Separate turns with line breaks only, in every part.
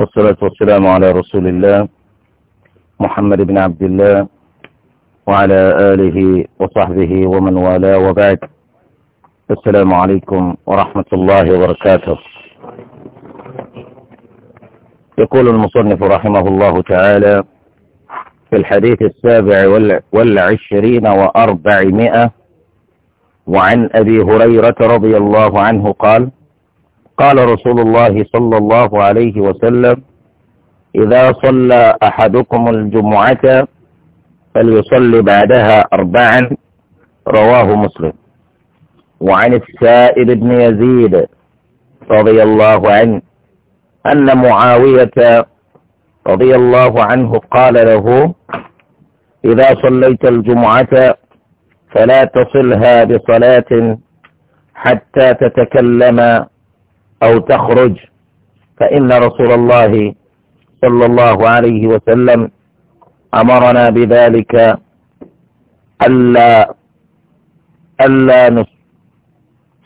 والصلاة والسلام على رسول الله محمد بن عبد الله وعلى آله وصحبه ومن والاه وبعد السلام عليكم ورحمة الله وبركاته يقول المصنف رحمه الله تعالى في الحديث السابع والعشرين وأربعمائة وعن أبي هريرة رضي الله عنه قال قال رسول الله صلى الله عليه وسلم إذا صلى أحدكم الجمعة فليصلي بعدها أربعا رواه مسلم وعن السائب بن يزيد رضي الله عنه أن معاوية رضي الله عنه قال له إذا صليت الجمعة فلا تصلها بصلاة حتى تتكلم أو تخرج فإن رسول الله صلى الله عليه وسلم أمرنا بذلك ألا ألا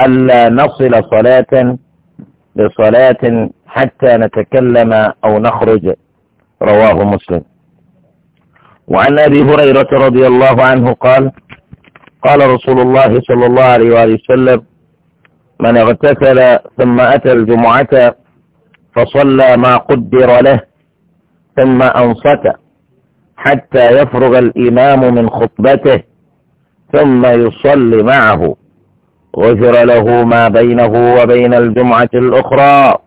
ألا نصل صلاة بصلاة حتى نتكلم أو نخرج رواه مسلم وعن أبي هريرة رضي الله عنه قال قال رسول الله صلى الله عليه وآله وسلم من اغتسل ثم أتى الجمعة فصلى ما قدر له ثم أنصت حتى يفرغ الإمام من خطبته ثم يصلي معه غفر له ما بينه وبين الجمعة الأخرى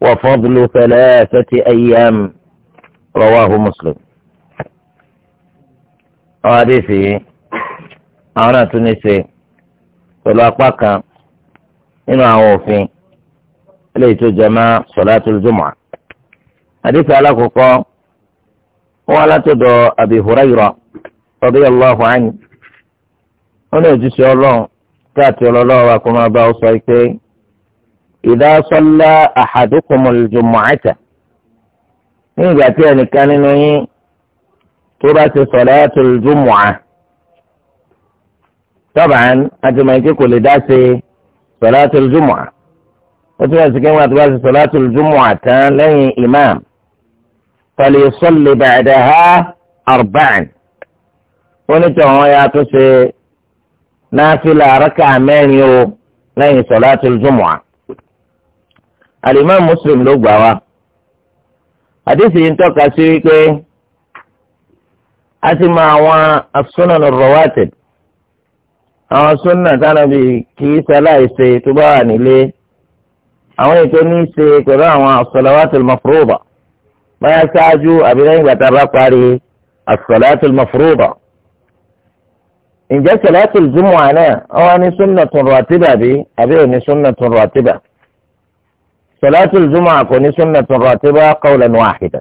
وفضل ثلاثة أيام رواه مسلم حديثي آه، أنا تونسي فلا nínú àwọn òfin eléyìí tó jẹ mọ́ sọ̀látul jumu'ah. àdìsí alákòókò wọn alátọ̀dọ̀ Abi Hurayra radiyallahu anhu wọn ní òjúṣe ọlọ́run tí àti ọlọ́lọ́wọ́ wa kó máa bá ọ sọ pé idha salla ahadukumul jumu'ata ní ìgbà tí ẹnìkan nínú yín tó bá ti sọ̀látul jumu'ah tọ́ba àti mọ̀ ẹ́ kí kò lè dá sí i sọláàtì jùmọ̀ ó tún bá sí kẹ́wọ́n àti bá sí sọláàtì jùmọ̀ tán lẹ́yìn imam fàlẹ́ sọ́lẹ̀ bàdà ha arba'an wọ́n ní tọ̀hún ya tó ṣe náfìlà rákà mẹ́rin o lẹ́yìn sọláàtì jùmọ̀ alimami muslim ló gbà wá àdìsí yìí ń tọ́ka sí wípé a ti mọ àwọn asúnan rọwátìdì àwọn súnà tánàbì kì í ṣaláìṣe tó bá wà nílé àwọn ètò ní í ṣe pẹ̀lú àwọn as-salawatul mafruḍa báyà ṣáájú àbí lẹ́yìn ìgbà tá a bá parí as-salatul mafruḍa. ǹjẹ́ salatul jumu'ah náà wọ́n ní sunnatun ratiba bí àbí ò ní sunnatun ratiba. salatul jumu'ah kò ní sunnatun ratiba qawlan wahida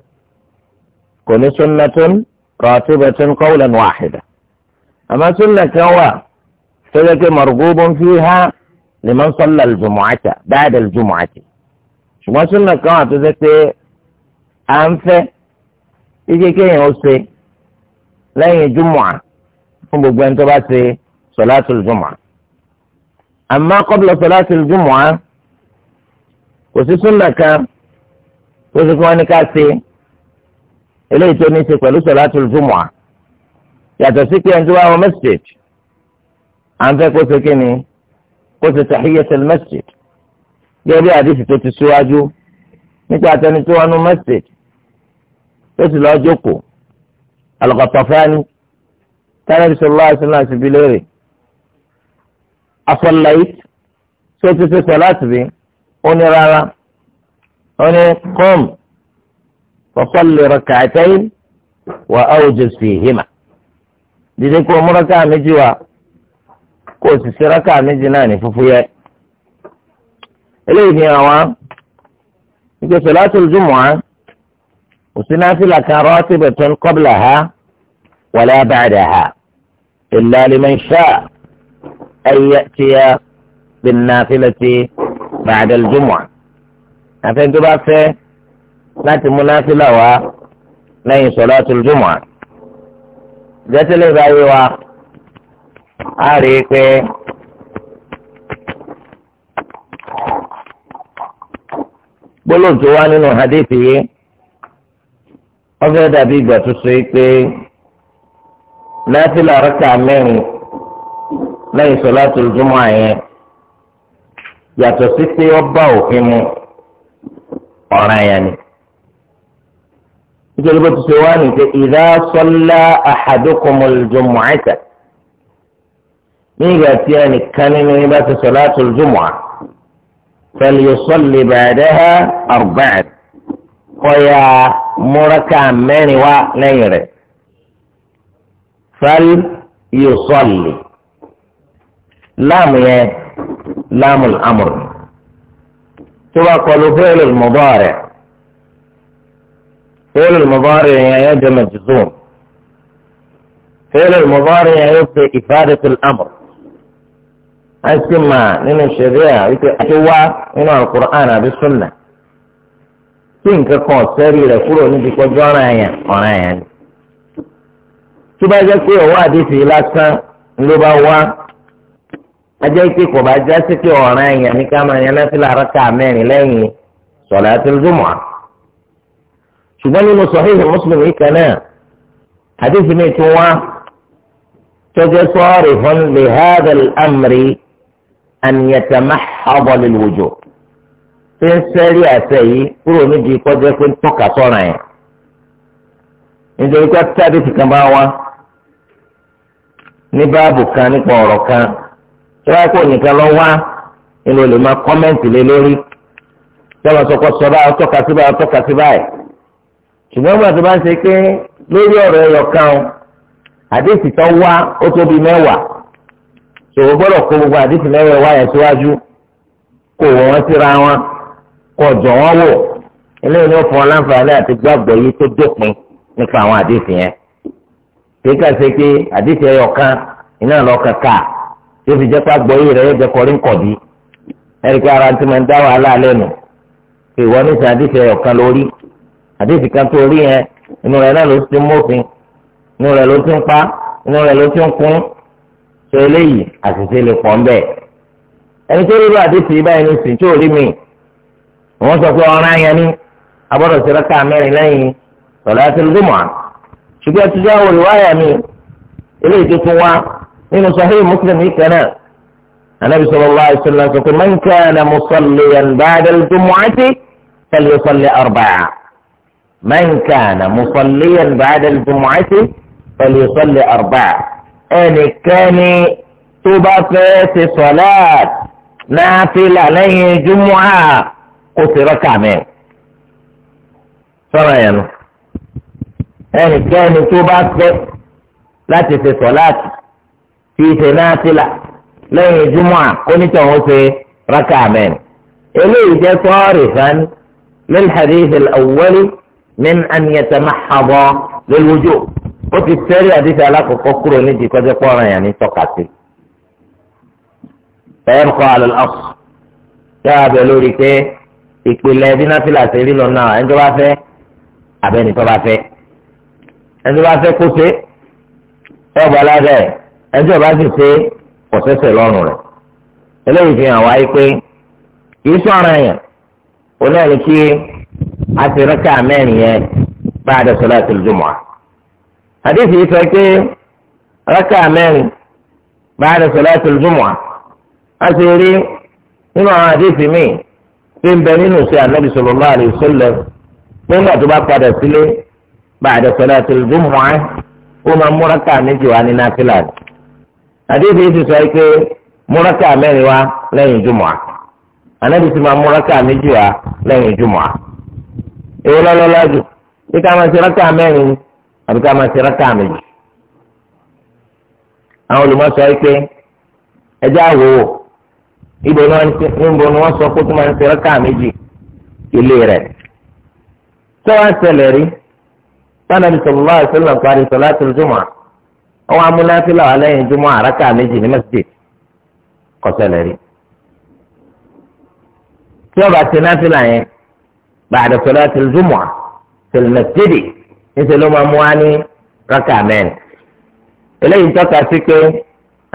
kò ní súnà kan wà tọ́jọ́ pé marghubun fiha liman salla al-jumu'ata ba'da al-jumu'ati ṣùgbọ́n súnà kan àtúnṣe pé à ń fẹ́ ike kéèyàn ó ṣe lẹ́yìn jùmọ̀à fún gbogbo ẹni tó bá ṣe sọ̀láṣìlì jùmọ̀à àmọ́ qabla sọ̀láṣìlì jùmọ̀à kò sí súnà kan tó ṣe kí wọ́n ní ká ṣe eléyìí tó ní ṣe pẹ̀lú sọ̀láṣìlì jùmọ̀à yàtọ̀ sí pé ẹni tó bá wọ mẹ́sàgì à ń fẹ́ kó ṣe kíni kó ṣe tahiyatul masjid gẹ́gẹ́ bí àdìsí tó ti síwájú nípa àtẹni tó wọnú masjid tó sì lọ́ọ́ jókòó al-Ghatafani tẹ́lẹ̀ bí sọlá àti náà ti bi léèrè afọláyìí tó ti ṣe sọ láti bí ó ní rárá ó ní qum fasalli rak'atayn wa awjiz fihima dídé kó múra méjì wá kó o sì ṣe rákà méjì náà ní fúfú yẹ. eléyìí ni àwọn ìgbé salatul jumu'ah kò sí náfìlà kan ratibatun qablaha wala ba'daha illa liman sha'a an ya'tiya bin-nafilati ba'da al-jumu'ah. àfẹn tó bá fẹ́ láti mú náfìlà wá lẹ́yìn salatul jumu'ah. jẹ́tẹ̀lẹ́ báyìí wá. a rí pé gbólóhùn tó wá nínú hadithi yìí wọ́n fẹ́ dàbí ìgbà tó so yìí pé náfìlà ká mẹ́rin lẹ́yìn sọ sọ̀láàtù jùmọ̀ àyẹn yàtọ̀ sí pé ó bá òfin mu ọ̀ràn àyà ni. nítorí bó ti ṣe wá ní pé ìdá sọ́lá àhàdókòmọ̀lùjọ́mọ̀ àìsàn. nígbà tí ẹnìkan nínú yín bá ti salatul jumu'ah falyusalli ba'daha arba'an kọ́ya múraká mẹ́rin wá lẹ́yìn rẹ̀ falyusalli láàmù yẹn láàmù al-amr tó bá kọlu fi'l al-mudari' fi'l al-mudari' yẹn yẹn jẹ́ majzum fi'l al-mudari' yẹn yóò fi ifadatu al-amr. àìsí máa nínú ṣẹ̀ríà wípé àti wá nínú alukur'an àbí sunna tí nǹkan kan ọ̀sẹ́rì rẹ̀ kúrò níbi kọjú ọ̀ràn àyàn ọ̀ràn àyàn ni. tó bá jẹ́ pé ọ̀wọ́ àdìsí lásán ló bá wá ajẹ́ pé kò bá já sí pé ọ̀ràn àyàn ní ká máa yan náfìlà rákà mẹ́rin lẹ́yìn sọ̀látul jumu'ah. ṣùgbọ́n nínú Sahih Muslim kan náà àdìsí mi tún wá tọ́jú sọ́ọ̀rì fún lihadal amri. أن يتمحض للوجوب ṣé ń sẹ́rí àṣẹ yìí kúrò níbi ìkọjẹ́ pé ń tọ́ka sọ́ra yẹn nítorí pé tábìtì kan bá wá ní báàbù kan nípa ọ̀rọ̀ kan tí wọ́n kó nìkan lọ wá nínú olè máa kọ́mẹ́ǹtì lé lórí tí wọ́n sọ pé sọ báyìí tọ́ka sí báyìí tọ́ka sí báyìí ṣùgbọ́n gbàtí bá ṣòwò gbọ́dọ̀ kó gbogbo àdìsí mẹ́rẹ̀ wáyà síwájú kó wọ síra wọn kó jọ wọn wò eléyìí ló fún ọ àti gbàgbọ́ yìí tó dópin nípa àwọn àdìsí yẹn kéka ṣe pé àdìsí ẹyọ kan iná lọ kàkà tó fi jẹ́ pàgbọ́ yìí rẹ̀ yóò jẹ́ kọrí nkọ̀bí ẹ̀ríkà ara ti máa ń dá wàhálà lẹ́nu ìwọ ní sàn àdìsí ẹyọ kan lórí àdìsí kan tó rí yẹn inú rẹ̀ náà ló ti mọ́fin inú rẹ̀ ló ti ń pa inú rẹ̀ ló ti ń kún sọ eléyìí àṣìṣe lè pọ̀ ńbẹ́ ẹni tó rí bàdé tì í báyìí ní sìn tó rí mi wọ́n sọ pé ọ̀ràn yẹn ní abọ́dọ̀ sí rákà mẹ́rin lẹ́yìn ti salatul jumu'ah ṣùgbọ́n e ti jáwọ́ ìwáyà mi eléyìí tó tún wá nínú sahih muslim yìí kan náà anabi sallallahu alaihi wasallam sọ pé man kana musalliyan ba'da al-jumu'ati falyusalli arba'a man kana musalliyan ba'da al-jumu'ati falyusalli arba'a. ẹnikẹ́ni tó bá fẹ́ ṣe sọ̀láàt náfìlà lẹ́yìn júmọ́à kó ti rọ́kà mẹ́. sọ̀rọ̀ yẹn nu ẹnikẹ́ni tó bá fẹ́ láti ṣe sọ̀láàt fi ṣe náfìlà lẹ́yìn júmọ́à kó níta òun ṣe rọ́kà mẹ́. eléyìí jẹ́ sọ́ọ̀rì sani lil hadith al awwali min an yatamaḥaba lil wujub. ó ti tẹ́rí àdìsí alákọ̀ọ́kọ́ kúrò nídìí kọjá pọ́nrán yẹn ní tọ́kasí. bẹ́ẹ̀ kọ́ àlọ́ ọ̀f yára bẹ̀ lórí pé ìpìlẹ̀ bínáfílà ṣe rí lọ náà ẹni tó bá fẹ́ àbẹ́ni tó bá fẹ́ ẹni tó bá fẹ́ kó ṣe ẹ ọgbà lábẹ́ ẹni tó bá sì ṣe ọ̀sẹ̀sẹ̀ lọ́rùn rẹ̀ eléyìí fi hàn wáyé pé kì sọ̀rọ̀ yẹn onáà ní kí a ti rẹ́kà mẹ́rin yẹn bá a dẹ̀ sọ́lá àdéhùn yìí sọ pé rákà mẹ́rin báyìí sọláàtì jùmọ̀ a ti rí nínú àwọn àdéhùn míì tí ń bẹ nínú sí ànábì sallallahu alaihi wasallam nígbà tó bá padà sílé báyìí sọláàtì jùmọ̀ ó máa mú rákà méjì wá ní náfìlà àdéhùn yìí ti sọ pé mú rákà mẹ́rin wá lẹ́yìn jùmọ̀ ànábì ti máa mú rákà méjì wá lẹ́yìn jùmọ̀ èyí lọ́lọ́lá jù bí máa ṣe rákà mẹ́rin àbí ká máa ṣe rákà méjì àwọn olùmọ̀sọ yìí pé ẹjẹ́ àwòwò ibo ni wọ́n sọ pé kó máa ṣe rákà méjì ilé rẹ̀ sọ́wọ́n ṣẹlẹ̀ rí sanabi sallallahu alaihi wasallam parí salatul jumu'ah àwọn amúnáfíà wà lẹ́yìn jumu'ah rákà méjì ní masjid kò ṣẹlẹ̀ rí tí ọba ṣe náfíà yẹn ba'da salatul jumu'ah fil masjid níṣẹ́ ló máa mú wá ní rákà mẹ́rin eléyìí tọ́ka sí pé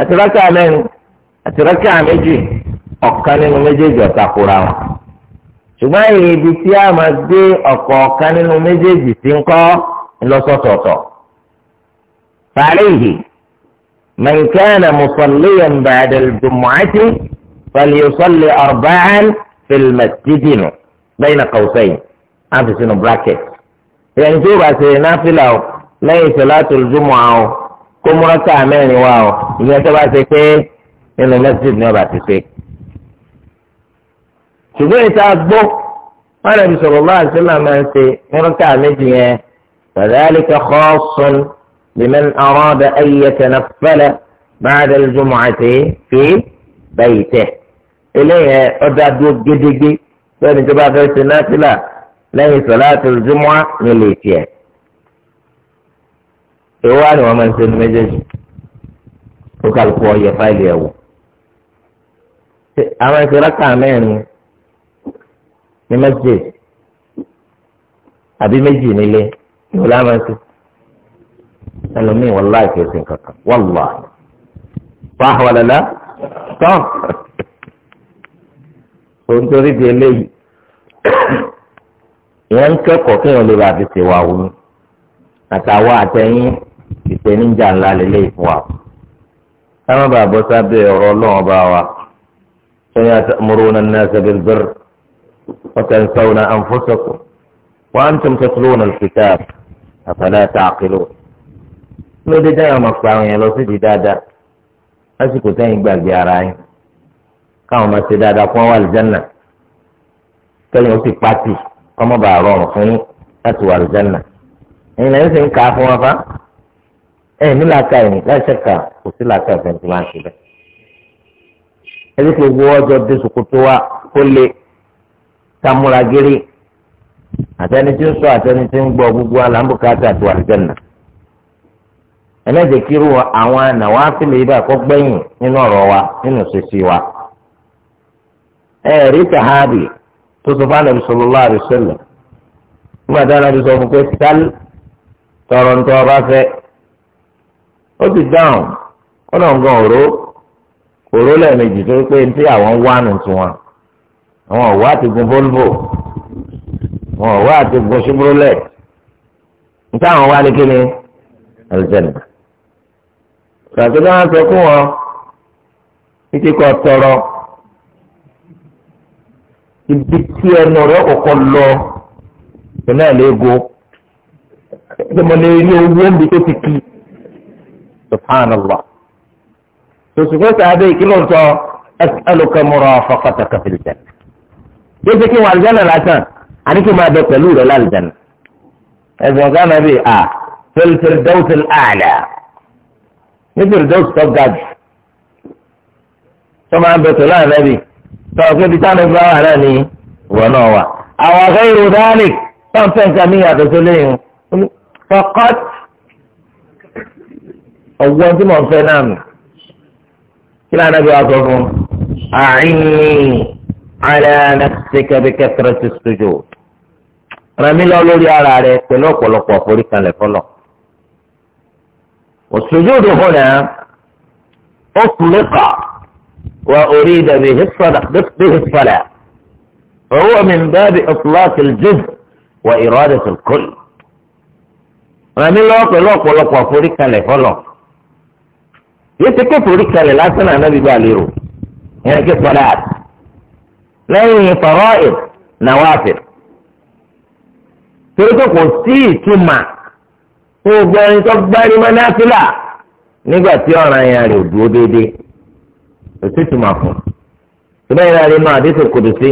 àti rákà mẹ́rin àti rákà méjì ọ̀kan nínú méjèèjì ọ̀takùrà wọn ṣùgbọ́n èyí ibi tí a máa gbé ọ̀kọ̀ọ̀kan nínú méjèèjì sí ń kọ́ lọ́sọ̀tọ̀ọ̀tọ̀ fàríhì mẹ̀ǹkẹ́nà mùsọ̀lẹ́yìn bàdàlùmọ́àtì fàlìyòsọ̀lẹ̀ ọ̀rbáàn fìlmẹ̀tìdìnnù bẹ́ẹ̀ nà kàwùsẹ̀yìn á fi sínú brákẹ̀tì ìyẹn tí ó bá ṣe náfìlà o lẹ́yìn sọ̀láàtù jumu'a o kó múrọ́kà mẹ́rin wá o ìyẹn tó bá ṣe pé nínú mẹ́sìlì ni ọba ti ṣe. ṣùgbọ́n ìta gbó wọn lè fi sọ̀rọ̀ bá àṣìlá máa ń ṣe múrọ́kà méjì yẹn fadhalika khassun liman arada an yatanaffala ba'da al-jumu'ati fi baytihi eléyẹn ọ̀dà dúró gédégé lẹ́ni tó bá fẹ́ ṣe náfìlà lẹ́yìn sọ̀láàtì jùmọ̀ ní lè tiẹ̀. ìwọ ni wọ́n máa ń sẹ́nu méjèèjì ó kálukú ọyẹ fáìlì ẹ̀wò. àwọn ìṣẹ̀lá kan mẹ́rin ní masjid àbí méjì nílé ìwọ láwọn ẹ̀sìn ẹlòmíì wọ́n láì fi ẹ̀sìn kankan wọ́n lọ àná. fáwọn ọ̀lẹ́lá tán. òun torí di eléyìí ìyẹn ń kẹ́kọ̀ọ́ kéèyàn lè bàa fi ṣèwà wù mí àtàwọn àtẹ̀yìn ìpèníjà ńlá lélẹ́yìí fún wa ká má bàa bọ́ sábẹ́ ọ̀rọ̀ ọlọ́run bá wa sọ́yìn àtàmúrúnà an-nasa bil-birri wa tansawna anfusakum wa antum tatluna al-kitab afala ta'qilun lóde dáhùn máa àwọn yẹn lọ sí di dáadáa lásìkò sẹ́yìn gbàgbé ara yín káwọn máa ṣe dáadáa fún wa al-janna kẹ́yìn kọ́mọ́ bá rọrùn fún yín láti wà lùjánà ẹ̀yin lẹ́yìn sì ń kà fún wọn fa ẹ̀yin ní làákà yìí láìsẹ̀ kà kò sí làákà ìfẹ́ tí ṣe bẹ́ẹ̀. gbowó ọjọ́ dé wa kó lè tamúragiri àtẹni tí ń sọ àtẹni tí ń gbọ́ gbogbo alámbùkátà àti wà lùjánà kiri àwọn kọ́ tó sọ fún anabi sallallahu alaihi wasallam nígbà tí anabi sọ fún pé sálí tọrọ ń tọrọ bá fẹ́ ó ti dáhùn ó náà ń gan òró òró lẹ́ẹ̀mejì tó pé ní tí àwọn wá nù tiwọn àwọn ọ̀wá àti gun volvo àwọn ọ̀wá àti gun chevrolet ní táwọn wá ní kíni aljanna kàtó wọn sọ fún wọn títí kọ tọrọ ibi tí ẹnu rẹ kọ̀kọ́ lọ ìpínlẹ̀ lẹ́gọ́ ẹgbẹ́ mọ́ lè rí owó níbi tó ti kí subhanallah tòṣùgbọ́n sàbẹ̀ ìkìlọ̀ ń sọ ẹsẹ̀lùkẹ́ mọ́ra fọ́fọ́tà kàfìlìjà jẹ́jẹ́ kí wọn àlùjáná lásán àní kí n máa bẹ pẹ̀lú rẹ lálùjáná ẹ̀sìn ọ̀gá náà bíi a fẹ́lifẹ́lì dẹ́wùsẹ̀lì àlà nítorí dẹ́wùsẹ̀ tó ga tó máa bẹ pẹ̀lú àlùjáná sọ̀rọ̀ pé bíi táwọn ẹgbẹ́ wà náà ni ìwọ náà wà. àwọn afẹ́ ìrò dáálì pọ́ńpẹ́ nǹkan mi yàtọ̀ tó léyìn fọkọ́t ọgbọ́n tí mò ń fẹ́ náà mi kí lóò anábì wa sọ fún àìní aláàánà ṣèkẹ́bí kẹsìrẹ́ ti sojú ràn mí lọ lórí ara rẹ pẹ̀lú ọ̀pọ̀lọpọ̀ àforí kanlẹ̀ fọlọ̀ òṣèlú ìdòhùn náà ó kúlẹ̀ kà. وأريد به الصدق به الصلاة فهو من باب إطلاق الجزء وإرادة الكل ومن الوقت لوك ولوك وفريكا لفلوك يتكي فريكا للأسنى نبي باليرو يعني كي صلاة لأنه فرائض نوافر ètò ìtumọ̀ fún ìbẹ́yìn náà nínú àdéhùn kùdùsí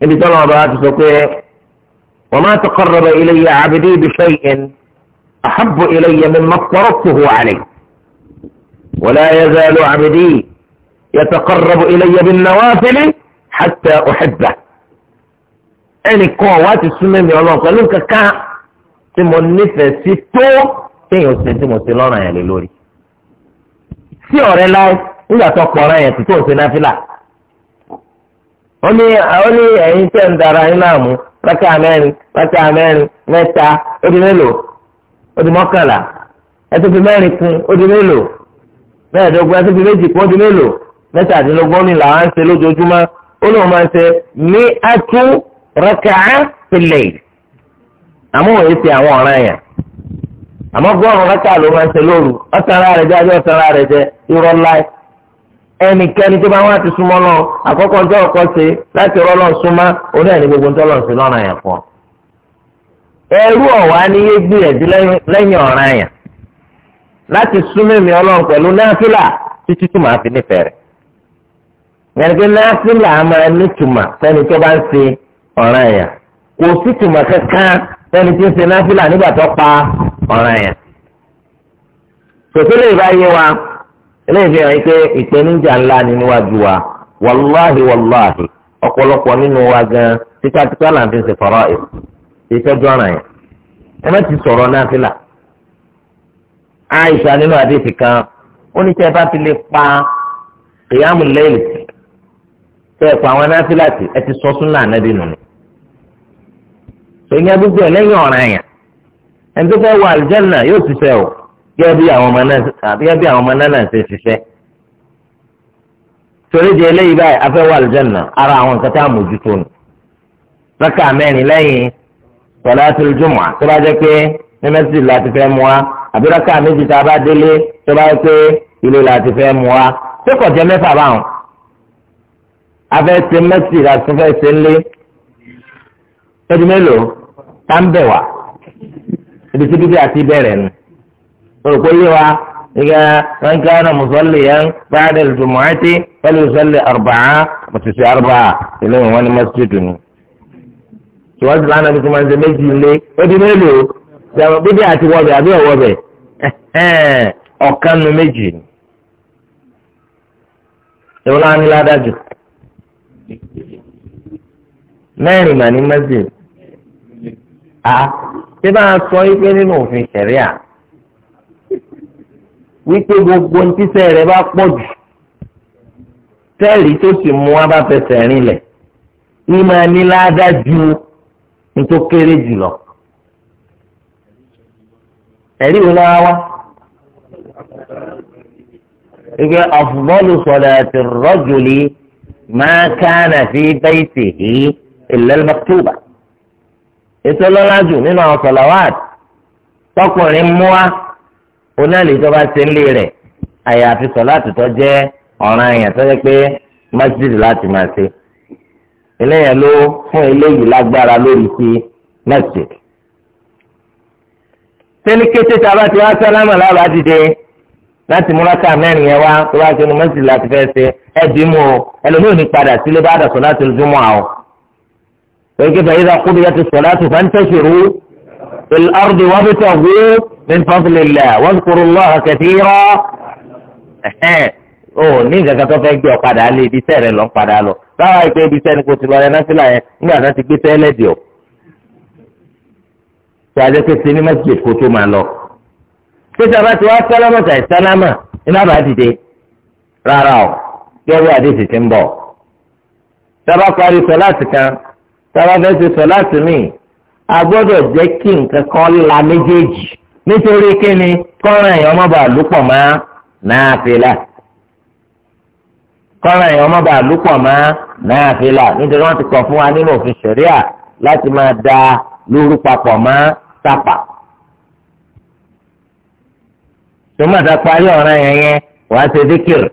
níbi tí wọn bá ti sọ pé wọn máa ti kọ́ rọ̀bà ilé yẹ àbídé ibi ṣẹ́yìn àhábò ilé yẹ mi máa kọ́rọ̀ kùhù àlè wọlé ayé zẹ́lú àbídé يتقرب إلي بالنوافل حتى أحبه ẹnì kan wá ti ko roba ile ye abide ibi seyin ahabo ile yen mi maa koro hu ale wole aye zelu abide يتقرب الي بالنوافل pẹ̀lú kaka tí mo nífẹ̀ẹ́ sí tó kéèyàn ṣe tí mo ṣe lọ́ràn yẹn lé lórí. sí ọ̀rẹ́ láì nígbà tó kọ̀ọ̀rọ̀ yẹn tó tó ń ṣe náfìlà ó ní ó ní ẹ̀yin tẹ̀ ń dara yín náà mú rákà mẹ́rin rákà mẹ́rin mẹ́ta ó di mélòó ó di mọ́kànlá ẹ fi mẹ́rin kún ó di mélòó mẹ́ẹ̀ẹ́dógún fi méjì kún ó di mélòó mẹ́tàdínlógún ni làwọn ń lójoojúmọ́ ó lóun máa ń ní atú àwọn ọ̀ràn yẹn ara rẹ̀ jẹ́ ọ̀tàn ara rẹ̀ jẹ́ irọ́ ẹnikẹ́ni tó bá wá ti súnmọ́ lọ àkọ́kọ́ ọjọ́ ọ̀kọ́ ṣe láti rọ́lọ́ súnmọ́ òun náà gbogbo ń sí lọ́nà yẹn ẹrú ọ̀wá ni yé gbìyànjú lẹ́yìn ọ̀ràn yẹn láti súnmọ́ èmi ọlọ́run pẹ̀lú náfìlà títí tó máa fi nífẹ̀ẹ́ rẹ̀. yẹn náfìlà máa sẹ́ni tó bá ń eléyìí fi hàn pé ìpèníjà ńlá ni níwájú wa wàláhì wàláhì ọ̀pọ̀lọpọ̀ nínú wa gan títàtítà là ń fi ṣe fọ́rọ́ ẹ̀ ṣe ìtọ́jú ọ̀ràn yẹn ẹ má ti sọ̀rọ̀ náà fìlà. àìsàn nínú àdéhìí kan ó ní tẹ́ bá fi lè pa kìyàmù lẹ́yìn tẹ́ ẹ̀ pa àwọn náà ẹ ti sọ súnà ànábì nù. sọ ìyẹn gbogbo ẹ̀ lẹ́yìn ọ̀ràn yẹn ẹni tó fẹ́ wọ àlùjànnà yóò ti fẹ́ o gẹ́gẹ́ bí àwọn ọmọ náà náà ṣe ṣiṣẹ́ torí di eléyìí báyìí afẹ́wọ́ àlùjànnà ara àwọn nǹkan tá a mójútó nù rákà mẹ́rin lẹ́yìn sọ̀láàtì jùmọ̀ tó bá jẹ́ pé ní mẹ́sìlì láti fẹ́ mu wa àbí rákà méjì tá a bá délé tó bá jẹ́ pé ilé láti fẹ́ mu wa tó kọ̀ jẹ́ mẹ́fà báwọn afẹ́ ṣe láti fẹ́ ṣe ń lé ẹdí tá ń bẹ̀ wá ibi tí bíbí àti bẹ̀rẹ̀ nù. ورقلها إذا من كان مصليا بعد الجمعة فليصلي أربعة وتسي أربعة إليه وأنا مسجدني سواء أنا بس ما زميلي لي ودي ميلو سواء بدي أتوابي أبي أوابي ọ̀kanu méjì ni ìwọ́n á ní ládájú mẹ́rin mà ní mẹ́sìn à ṣé bá a sọ wípé gbogbo ntísẹ́ rẹ̀ bá pọ̀ jù tẹ́ẹ̀lì tó sì mú wa bá fẹsẹ̀ rinlẹ̀ ìmọ̀ níláàdá ju nítorí kéré jùlọ. ẹ̀rí wo lára wá? ìgbé afdalu salati rajuli ma kana fi baytihi illa al-maktuba. ètò lọ́lájú nínú àwọn sọ̀làwáàtì tọkùnrin mú wa onáàlì tó bá ṣe ń lé rẹ̀ àyàfi sọ̀láàtì tó jẹ́ ọ̀ràn àyàn tó jẹ́ pé masjid láti máa ṣe eléyàn ló fún eléyìí lágbára lórí sí masjid. sẹ́ni kété tá a bá ti wá sálámà lábàá dìde láti múláká mẹ́rin yẹn wá tó bá ṣe ní masjid láti fẹ́ ṣe ẹbí mu o ẹlòmíràn ní padà sílé bá dà sọ̀láàtì lójúmọ́ àwọn. pé kí fẹ́ yíra kúndùyà ti sọ̀láàtì fẹ́ ń tẹ̀síru ìlú ọ̀rùn min fadlillah الله kathira o ní nǹkan tó fẹ́ gbé ọ padà lé ibi sẹ́rẹ̀ lọ padà lọ báwa ìpè ibi sẹ́ni kò ti lọ rẹ násìlà yẹn nígbà tó ti gbé tẹ́lẹ̀ dì ọ́ tó a jẹ́ pé sinmi masjid kò tó máa lọ. títí a bá ti wá sálámà kà sálámà iná bá dìde rárá o yọ̀wé àdéhùn ti ń bọ̀. sábà parí sọláàtì kan sábà fẹ́ ṣe sọláàtì míì a gbọ́dọ̀ jẹ́ kí nǹkan kan la méjèèjì nítorí kíni kọ́ran èèyàn má bàa lúpọ̀ mọ́ nàáfílà kọ́ran èèyàn má bàa lúpọ̀ mọ́ nàáfílà nítorí wọ́n ti kọ̀ fún wa nínú òfin ṣẹ̀ríà láti máa da lóru papọ̀ mọ́ sápà. tòmátà parí ọ̀ràn yẹn yẹn wàá ṣe díkìrì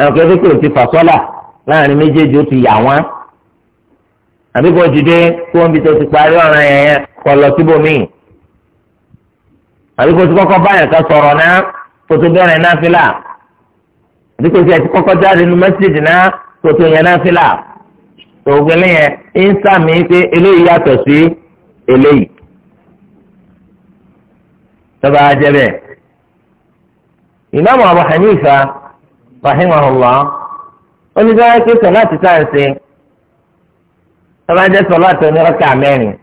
ẹ̀rọ̀kẹ́ díkìrì ti fà sọ́là láàrin méjèèjì ó ti yà wọ́n àbíkọ́ dìde kí wọ́n bí tó ti parí ọ̀ràn yẹn yẹn kọ́ lọ síbòmíì àbí kó ti kọ́kọ́ báyàn kan sọ̀rọ̀ náà kó tó bẹ̀rẹ̀ náfìlà àbí kó ti ẹ̀ ti kọ́kọ́ jáde nu mẹ́sídìí náà kó tó yẹn náfìlà ògbélé yẹn ń sàmì pé eléyìí yàtọ̀ sí eléyìí tọ́ba ajẹ́ bẹ́ẹ̀. ìmáàmù Abu Hanifa rahimahullah onídàá pé sọláàtì tá à ń ṣe tọ́ba ajẹ́ sọláàtì onírọ́kà mẹ́rin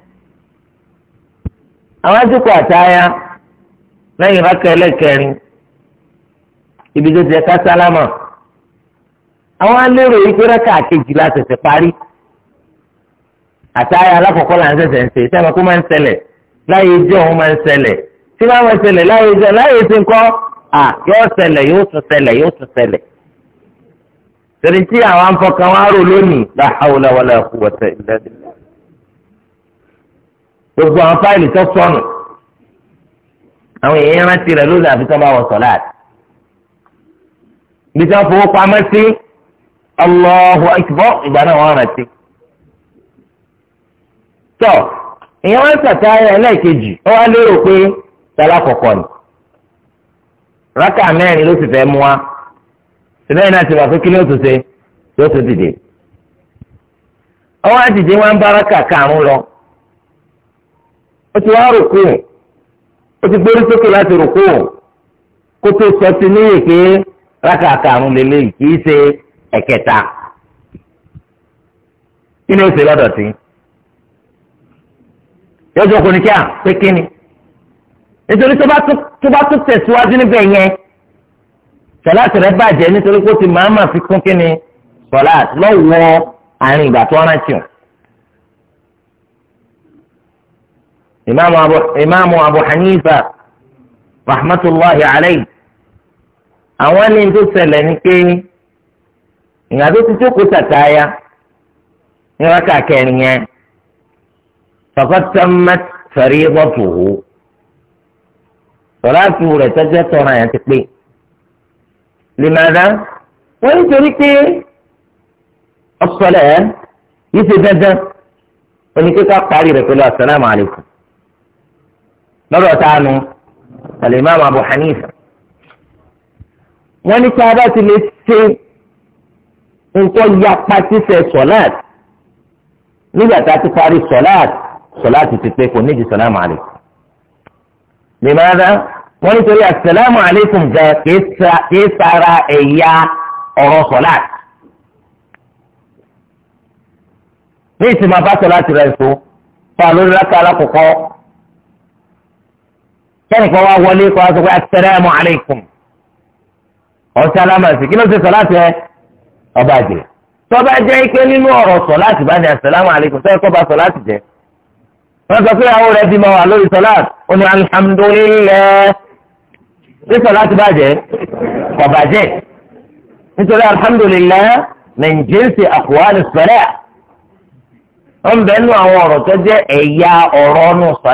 àwọn àdúgbò àtàyà lẹ́yìn rákà ẹlẹ́kẹrin ibi tó ti ẹ̀ka sálámà àwọn alérò yìí pé rákà kejì la ṣẹ̀ṣẹ̀ parí àtàyà alákọ̀ọ́kọ́ là ń ṣẹ̀ṣẹ̀ ń ṣe sẹ́wọ̀n kó máa ń ṣẹlẹ̀ láyé ijó òun máa ń ṣẹlẹ̀ tí wọ́n máa ń ṣẹlẹ̀ láyé ijó láyé ti ń kọ́ à yóò ṣẹlẹ̀ yóò tún ṣẹlẹ̀ yóò tún ṣẹlẹ̀ torí tí àwọn afọkàn wa rò lónìí la hawla wala quwwata illa gbogbo àwọn fáìlì tó sọnù. àwọn èèyàn rántí rẹ̀ lórí àfi tó bá wọ tí fowó sí Allahu akbar ìgbà náà wọ́n rántí. tọ́ èèyàn wá ń sàtáyà ẹlẹ́ẹ̀kejì wá lérò pé sálá kọkọ ni rákà mẹ́rin ló sì fẹ́ mú wa síbẹ̀ náà ti wà pé kí ló tún ṣe tún dìde. ó ti gbórí sókè láti rùkú kó tó sọ sí níyè pé rákàkà àrùn lélẹ́yìí kì í ṣe ẹ̀kẹta kí ni ó ṣe lọ́dọ̀ tí yọjọ kò ní kí à pé kí ni nítorí tó bá tún tẹ̀síwájú níbẹ̀ yẹn sọláàtì rẹ bàjẹ́ nítorí pé ti máa ma fi kún kí ni sọláàtì lọ́wọ́ àárín ìgbà tó rántí o. إمام أبو, إمام أبو حنيفة رحمة الله عليه أولا تسأل نكي إنها تتوقع ستايا إنها كاكينيا فقد تمت فريضته صلاة سورة تجهد تقبي لماذا؟ وإن تركي الصلاة يتجهد ونكي تقاري السلام عليكم lọ́dọ̀ tánu alimami abu hanifa wọ́n ní tí a bá ti lè ṣe nǹkan yapa títẹ̀ sọ̀láàt nígbà tá a ti parí sọ̀láàt sọ̀láàt ti pé kò níjì sọ̀láàmù àlẹ́kùn lèmọ́dá wọ́n nítorí àsàlámù àlẹ́kùn gan kìí sara ẹ̀yà ọ̀rọ̀ sọ̀láàt ní ìsìn máa bá sọ̀láàt rẹ̀ so fún alórí rákà alákọ̀ọ́kọ́ kẹ́nìkan wá wọlé kó wá sọ pé assalamu alaikum ọ̀sálámà sí kí ló ṣe sọ láti ẹ ọba àjẹ tọ́ba jẹ́ ike nínú ọ̀rọ̀ sọ láti bá ní assalamu alaikum sọ́yẹ́ kọ́ bá sọ láti jẹ́ wọ́n sọ pé àwọn rẹ̀ bímọ wà lórí sọ láti ó ní alhamdulillah ní sọ láti bàjẹ́ nítorí alhamdulillah min jinsi aqwali salat wọ́n bẹ́ẹ̀ àwọn ọ̀rọ̀ tó jẹ́ ẹ̀yà ọ̀rọ̀ nù sọ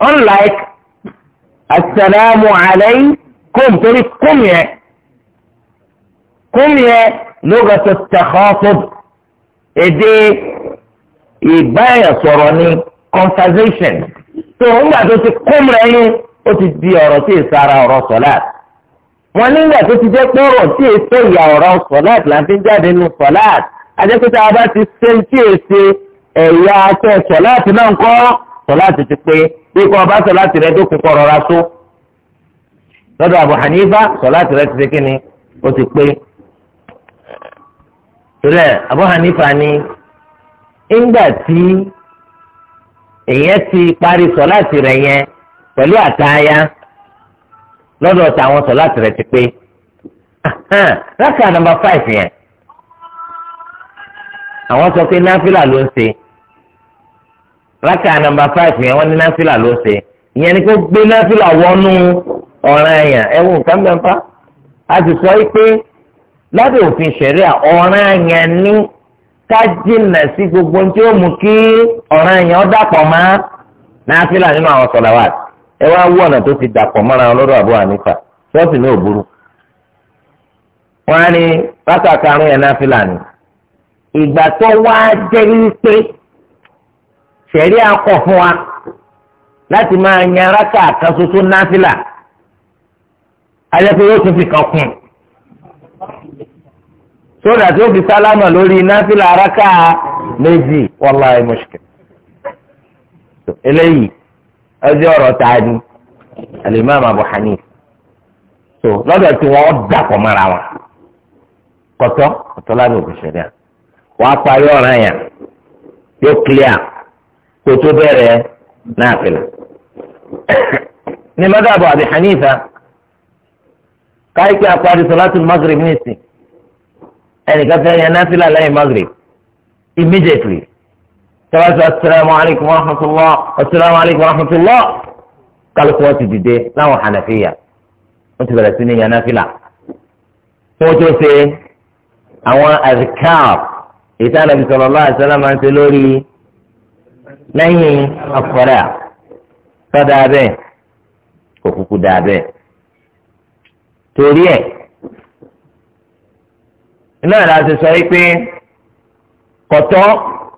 unlike asalaamu alaykum torí kum yẹn kum yẹn lugatu takhafud èdè ìbáyà sọ̀rọ̀ ní conversation tó ńgbà tó ti kum rẹ̀ yín ó ti di ọ̀rọ̀ tí ìsara ọ̀rọ̀ sọ̀láàt wọn nígbà tó ti jẹ́ pé ọ̀rọ̀ tí èso ìyà ọ̀rọ̀ sọ̀láàt là ń jáde nínú sọ̀láàt ajẹ́pẹ́tà bá ti ṣe èsè ẹ̀yà akẹ́ sọ̀láàt náà ń kọ́ sọ̀láàt ti pé bí kò bá sọ láti rẹ dókun kọ rọra tó lọ́dọ̀ Abu Hanifa sọ láti rẹ ti ṣe kí ni ó ti pé torí ẹ Abu Hanifa ni ńgbà tí èyẹ ti parí sọ láti rẹ yẹn pẹ̀lú àtayá lọ́dọ̀ táwọn sọ láti rẹ ti pé rákà nàmbà fáìfì yẹn àwọn sọ pé náfìlà ló ń ṣe. rákà nàmbà fáìfù yẹn wọ́n ní náfìlà ló ṣe ìyẹn ni kó gbé náfìlà wọnú ọ̀ràn àyàn ẹ̀wù a ti sọ pé lábẹ́ òfin ṣẹ̀ríà ọ̀ràn àyàn ní n'i sí gbogbo tí ó mú kí ọ̀ràn àyàn dàpọ̀ mọ́ náfìlà nínú àwọn sọ̀làwàt ẹ wá wú ọ̀nà tó ti dàpọ̀ mọ́ra wọn lọ́dọ̀ àbúrò ní òbúrú wọn á ní rákà karùn-ún yẹn náfìlà ní ìgbà ṣẹ̀rí akọ̀ fún wa láti máa yan rákà kan ṣoṣo náfìlà yóò tún fi kan kún sódà tí ó fi sálámà lórí náfìlà rákà méjì wàláhì mushkil eléyìí ọjọ́ ọ̀rọ̀ tá a ní alimami abu hanif so lọ́dọ̀ tí wọ́n dàpọ̀ wọn kó tó bẹ̀rẹ̀ náfìlà. ní madhab Abi Hanifa káyìkì àpárí sọláàtì magrib nìsín ẹnìkan fẹ́ yan náfìlà lẹ́yìn magrib immediately tẹ́wájú asalaamu alaykum wa rahmatulah asalaamu alaykum wa rahmatulah kálukú wọn ti dìde láwọn hànàfíyà wọn ti bẹ̀rẹ̀ sí ní yan náfìlà wọn tó ṣe àwọn azikar ìtàn àbísọ̀rọ̀ lọ́wọ́ àti sẹ́lẹ̀ máa ń ṣe lórí lẹ́yìn àfọlá tọdà bẹ́ẹ̀ kò kúkú dà bẹ́ẹ̀ torí ẹ̀ náà la ti sọ pé kọtọ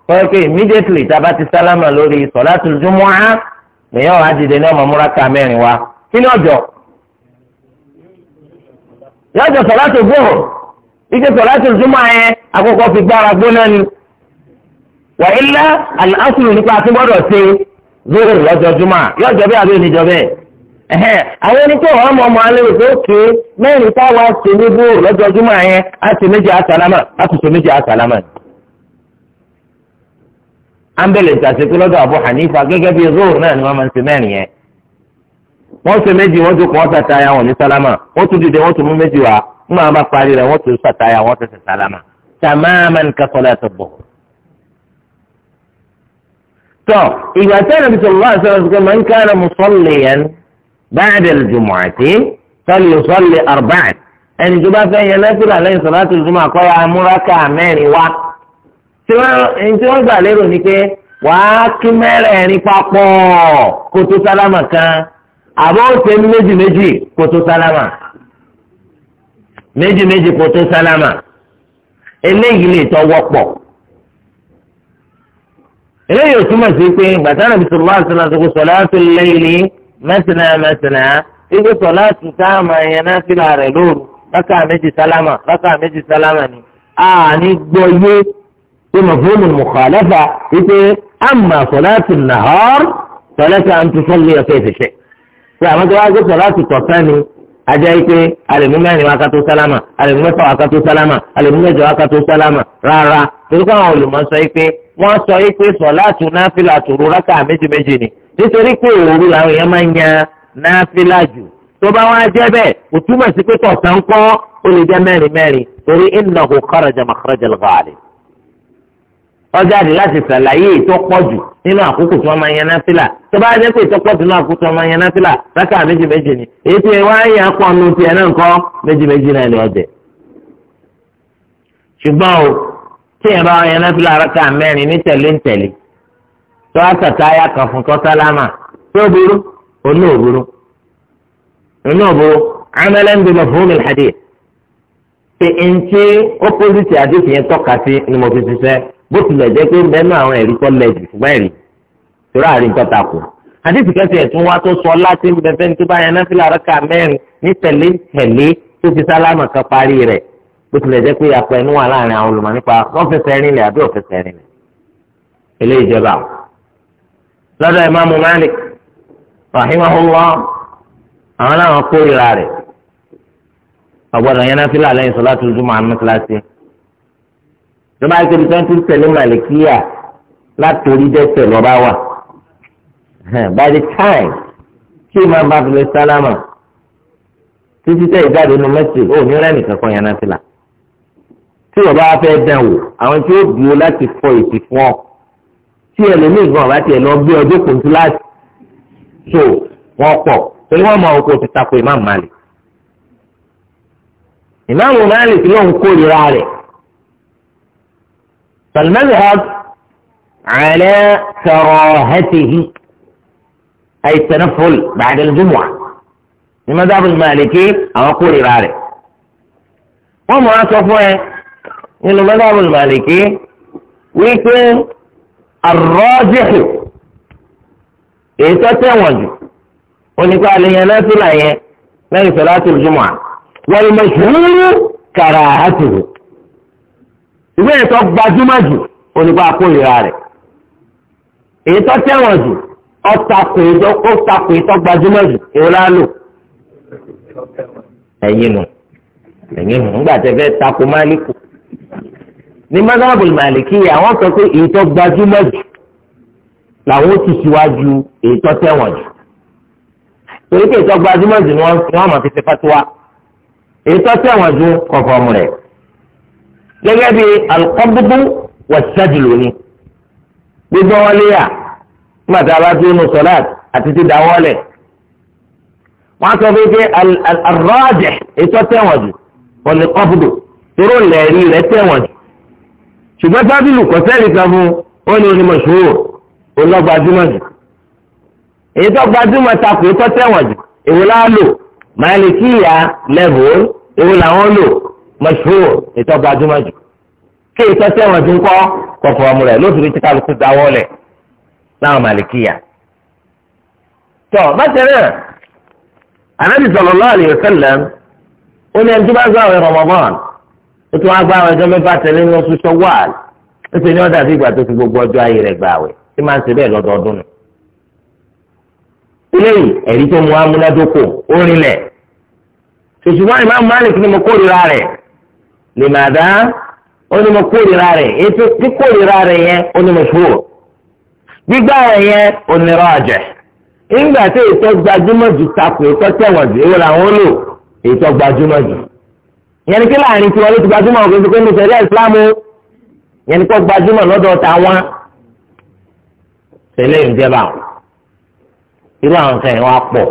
kọ́yọ́ pé immediately tá a bá ti sálámà lórí sọ̀láàtù jumu'ah lèyàn wá dìde ní ọmọ múraka mẹ́rin wa kí ni ọjọ́ yọjọ sọ̀láàtù zuhur ike sọ̀láàtù jumu'ah yẹn àkọ́kọ́ fi gbára gbóná ni. wà ilẹ̀ aláṣùlù nípa tí gbọ́dọ̀ ṣe lórí lọ́jọ́júmọ́ yọjọ́ bí abẹ́ oníjọ bẹ́ẹ̀. àwọn ẹni tó wọ́n mọ̀ ọmọ alẹ́ òkè òkè mẹ́rin táwa ṣe ní bóòrù lọ́jọ́júmọ́ yẹn ya ti méjì àsàlámà á ti méjì àsàlámà. lọ́dọ̀ Hanifa gẹ́gẹ́ zoro náà ni wọ́n máa ń ṣe mẹ́rin yẹn. wọ́n ṣe méjì wọ́n tún kọ́ sàtáyà wọn ní sálámà wọ́n tún dìde wọ́n tún mú méjì wá máa bá tọ́ ìgbà tẹ́lẹ̀ bí sọ̀rọ̀ láti sọ̀rọ̀ sọ̀rọ̀ máa ń kára mùsọ̀lì yẹn báyìí jùmọ̀ àti sọ̀lì sọ̀lì arba'at ẹni tó bá fẹ́ yẹn lẹ́sìrà lẹ́yìn sọ̀rọ̀ láti jùmọ̀ àkọ́yà amúrákà mẹ́rin wá. tí wọ́n gbà lérò ni pé wàá kí mẹ́rẹ̀ẹ̀rin papọ̀ kó tó sálámà kan àbọ̀ òsè méjì méjì kó tó sálámà méjì méjì kó tó sálámà eléyìí lè tọ́ wọ́pọ̀ eléyìí ò túmọ̀ sí pé gbàtàrà bí sọlá sọlá tó kó sọlá tó lẹ́yìnlí mẹ́sìnà mẹ́sìnà ibi sọlá tó táàmà yẹn náà fi rà rẹ̀ lóru rákà méjì sálámà rákà méjì sálámà ni àní gbọ́ yé pé mọ̀fóònù mùkàlẹ́fà wípé àmà sọlá tó nàhọ́r sọlá tó àǹtí sọlá yẹ fẹ́ẹ́ fẹ́ẹ́ pé àwọn tó wá gbé sọlá tó tọ̀sán ni ajá yìí pé alẹ́mú mẹ́rin wákà tó sálámà alẹ́mú mẹ́fà wákà tó sálámà alẹ́mú mẹ́jọ wákà tó sálámà rárá torí kó olùmọ̀ sọ yìí pé wọ́n sọ yìí pé sọ̀láàtù náfìlà tòru rákà méjìméjì ni nítorí pé òru làwọn èèyàn máa ń yan náfìlà jù tó bá wọn jẹ́ bẹ́ẹ̀ kò túmọ̀ sí pé tọ̀sán kọ́ ó lè jẹ́ mẹ́rin mẹ́rin torí innahu kharaja makhrajal ghalib. ọjà àdì láti sàlàyé ìtọ́pọ̀jù nínú àkókò tí wọ́n máa yan náfìlà tó bá jẹ́ pé nínú àkókò tí wọ́n máa yan náfìlà rákà tíyẹn bá yẹn náà fi lára ká mẹ́rin ní tẹ̀lé ń tẹ̀lé tó àtàtà ayá kan fún tó sálámà tó burú onú òburú onú òburú amẹ́lẹ́ ń bí mọ̀ fún mi hàdí ṣe ń tí opposite àdéhùn yẹn tọ́ka sí ni mo fi ṣiṣẹ́ bó tilẹ̀ jẹ́ pé mẹ́nu àwọn ẹ̀rí kọ́ lẹ́jì ṣùgbọ́n ẹ̀rí torí àárín tó takò àdéhùn kẹsì ẹ̀tún wá tó sọ láti bẹ̀fẹ́ ní tó bá yẹn náà fi lára ká mẹ́rin ní tẹ̀lé tó fi sálámà kan parí rẹ̀ bó tilẹ̀ jẹ́ pé apẹ̀ inú wà láàrin àwọn olùmọ̀ nípa wọ́n fẹsẹ̀ rinlẹ̀ àbí ọ̀fẹsẹ̀ rinlẹ̀ eléyìí jẹba o. lọ́dọ̀ ìmáàmù Malik rahimahullah àwọn náà kórìíra rẹ̀ ọ̀gbọ́dọ̀ yẹn náà fi làlẹ́ yìí sọ́lá tuntun máa ń kíláàsì. ìjọba akéde tó ń tún tẹ̀lé màlìkíyà látòrí dẹ́sẹ̀ lọ́ba wà. by the time tí ìmáàmù bá fi lè sálámà títí tẹ̀ ìjáde nínú mẹ́sì ó ní rẹ́ nìkan kan yẹn náà fi làlẹ́ tí wọ́n bá fẹ́ dán wò àwọn tí ó dúró láti fọ ètì fún ọ tí ẹlòmíì gan bá tiẹ̀ lọ gbé ọjọ́ kò ń tú láti so wọ́n pọ̀ torí wọ́n mọ oko ti tako Imam Malik Imam Malik ló ń kórìíra rẹ̀ فالمذهب على كراهته أي التنفل بعد الجمعة المذهب المالكي أو قول راري وما أصفه nínú mọ́tàbùl màlìkì wípé àrọ́jìhì èyí tó tẹ̀wọ̀n jù onípa àlèyàn náà sílà yẹn lẹ́yìn sọ̀láàtì ìjùmọ̀ wọ́n lè mọ̀ṣúrú kàrà àtìwò ìwé ètò gbajúmọ̀ jù onípa àkórìíra rẹ̀ èyí tó tẹ̀wọ̀n jù ọ̀tàkùn ìtọ́ gbajúmọ̀ jù ìwọ́lá lò ẹ̀yin nù ẹ̀yin nù ńgbà tẹ fẹ́ takò máàlíkù ní mọ́sáàbù màlìkì àwọn sọ pé èyí tó gbajúmọ̀ jù làwọn ó ti síwájú èyí tó tẹ̀wọ̀n jù torí pé èyí tó gbajúmọ̀ jù ni wọ́n mọ̀ fífi fatuwa èyí tó tẹ̀wọ̀n jù kọ̀ọ̀kan mu rẹ̀ gẹ́gẹ́ bí alukọ́bùbù wọ̀ṣẹ́dìlú ni gbígbọ́ wọn léyà nígbàtí abájú inú sọ́láàt àti ti dáwọ́lẹ̀ wọ́n sọ fún pé alọ́ọ̀dẹ̀ ètò tẹ̀wọ̀n jù ṣùgbọ́n sábìlù kọ́sẹ́ẹ̀lì kan fún ó ní onímọ̀ ṣòwò olọ́gbàdúmọ̀ jù èyí tó gbajúmọ̀ takò tó tẹ̀wọ̀n jù èwo la lò màálìkíyà lẹ́bùl èwo làwọn lò mọ̀ṣúwò ètò gbajúmọ̀ jù kí èyí tó tẹ̀wọ̀n jù ń kọ́ kọ̀fọ̀ ọmọ rẹ̀ lóṣù tí kálukú dáwọ́ lẹ̀ láwọn màálìkíyà. tọ́ bákan náà anábì sallallahu alaihi wasallam ó ní ó tún wá gba àwọn ẹjọ́ mẹ́fà tẹ̀lé ní oṣù Ṣawwal ó ṣe ní ọ̀dà sí ìgbà tó fi gbogbo ọjọ́ ayé rẹ̀ gbààwẹ̀ tí máa ń ṣe bẹ́ẹ̀ lọ́dọọdún nù. eléyìí ẹ̀rí tó mu amúnádókò ó rinlẹ̀ ṣùṣùgbọ́n ìmáàmù Malik ni mo kórìíra rẹ̀ lè má dá ó ní mo kórìíra rẹ̀ ètò tí kórìíra rẹ̀ yẹn ó ní mo ṣòro gbígbà rẹ̀ yẹn ó ní rọ́ọ̀jẹ̀ nígbà tí ètò gbajúmọ̀ jù takò ètò tẹ̀wọ̀n jù èwo làwọn ó lò ètò gbajúmọ̀ jù ìyẹn ni pé láàrin tiwọn ló ti gbajúmọ̀ òkè tó pé ní sẹ̀rí ìsìlámù ìyẹn ni pé gbajúmọ̀ lọ́dọ̀ tàwọn tẹ́lẹ̀ ń jẹ́ báwọn irú àwọn kan yẹn wá pọ̀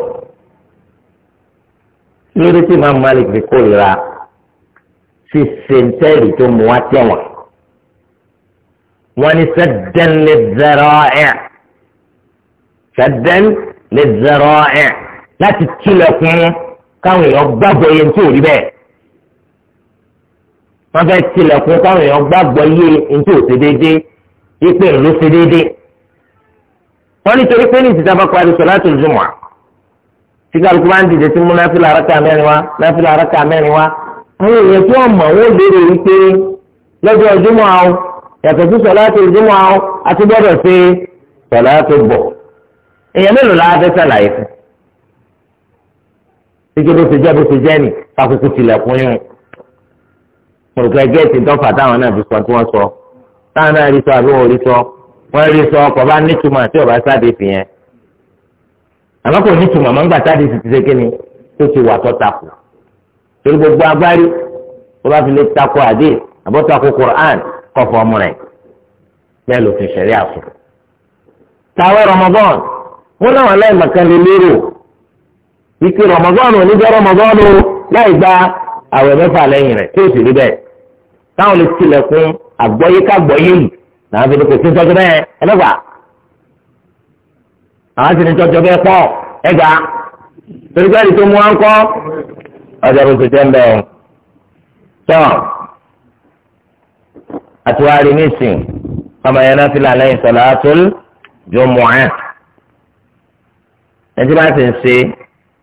lórí tí màmú Malik fi kórìíra sí sèǹtẹ́rì tó mú wá tẹ̀wọ̀n wọ́n ní sẹ́dẹ̀n lè zẹ̀rọ̀ ẹ̀ sẹ́dẹ̀n lè zẹ̀rọ̀ ẹ̀ láti tilẹ̀kùn káwọn èèyàn gbàgbọ́ yẹn tí rí bẹ́ẹ̀ wọ́n fẹ́ tilẹ̀kùn káwọn èèyàn gbàgbọ́ yé ntí ò ṣe déédéé ipe ló ṣe déédéé wọ́n nítorí pé ní ìtìta bá parí solatul jumu'a tí kálukú bá ń dìde tí mú náfìlà araka mẹ́rin wá náfìlà araka mẹ́rin wá àwọn èèyàn tí wọ́n mọ̀ wọ́n léèrè wípé lọ́jọ́ jumu'a àwọn yàtọ̀ sí solatul jumu'a àwọn àti gbọ́dọ̀ ṣe solatul bọ̀ èèyàn mélòó la fẹ́ sàlàyé fún. ṣíkẹ́ bó ṣe jẹ́ bó ṣe jẹ́ nì òkè gẹ́ẹ̀tì dọ́fà táwọn náà fi sọ tí wọ́n sọ táwọn náà rí sọ àbí wọ́n rí sọ wọ́n rí sọ ọkọ̀ bá nítumọ̀ àti ọ̀bá sáde fi yẹn àmọ́ nítumọ̀ àmọ́ ńgbà sáde ti ti ṣe kí ni tó ti wà tọ́ takò torí gbogbo agbárí tó bá fi lè takò àdé àbọ̀takò Qur'an kọ̀ fọ́ ọmọ rẹ̀ bẹ́ẹ̀ ló fi ṣẹ̀rí àfọ̀ táwọn Ramadan wọn náà wà láì màkàn lè lérò àwẹ̀ mẹ́fà lẹ́yìn rẹ̀ tí ó sì rí bẹ́ẹ̀ táwọn lè tilẹ̀kùn àgbọ́yé kágbọ́yé yìí làwọn fi ní kò sí tọ́jú bẹ́ẹ̀ ẹlẹ́fà àwọn sì ní tọ́jú bẹ́ẹ̀ pọ̀ ẹ̀gá torí bẹ́ẹ̀ tó mú wọn kọ́ ọjà bó ti jẹ́ ń bẹ̀ tọ́ àtiwárí nísìn ọmọ yẹn náà fi là lẹ́yìn salatul jumu'ah ẹni bá ti ń ṣe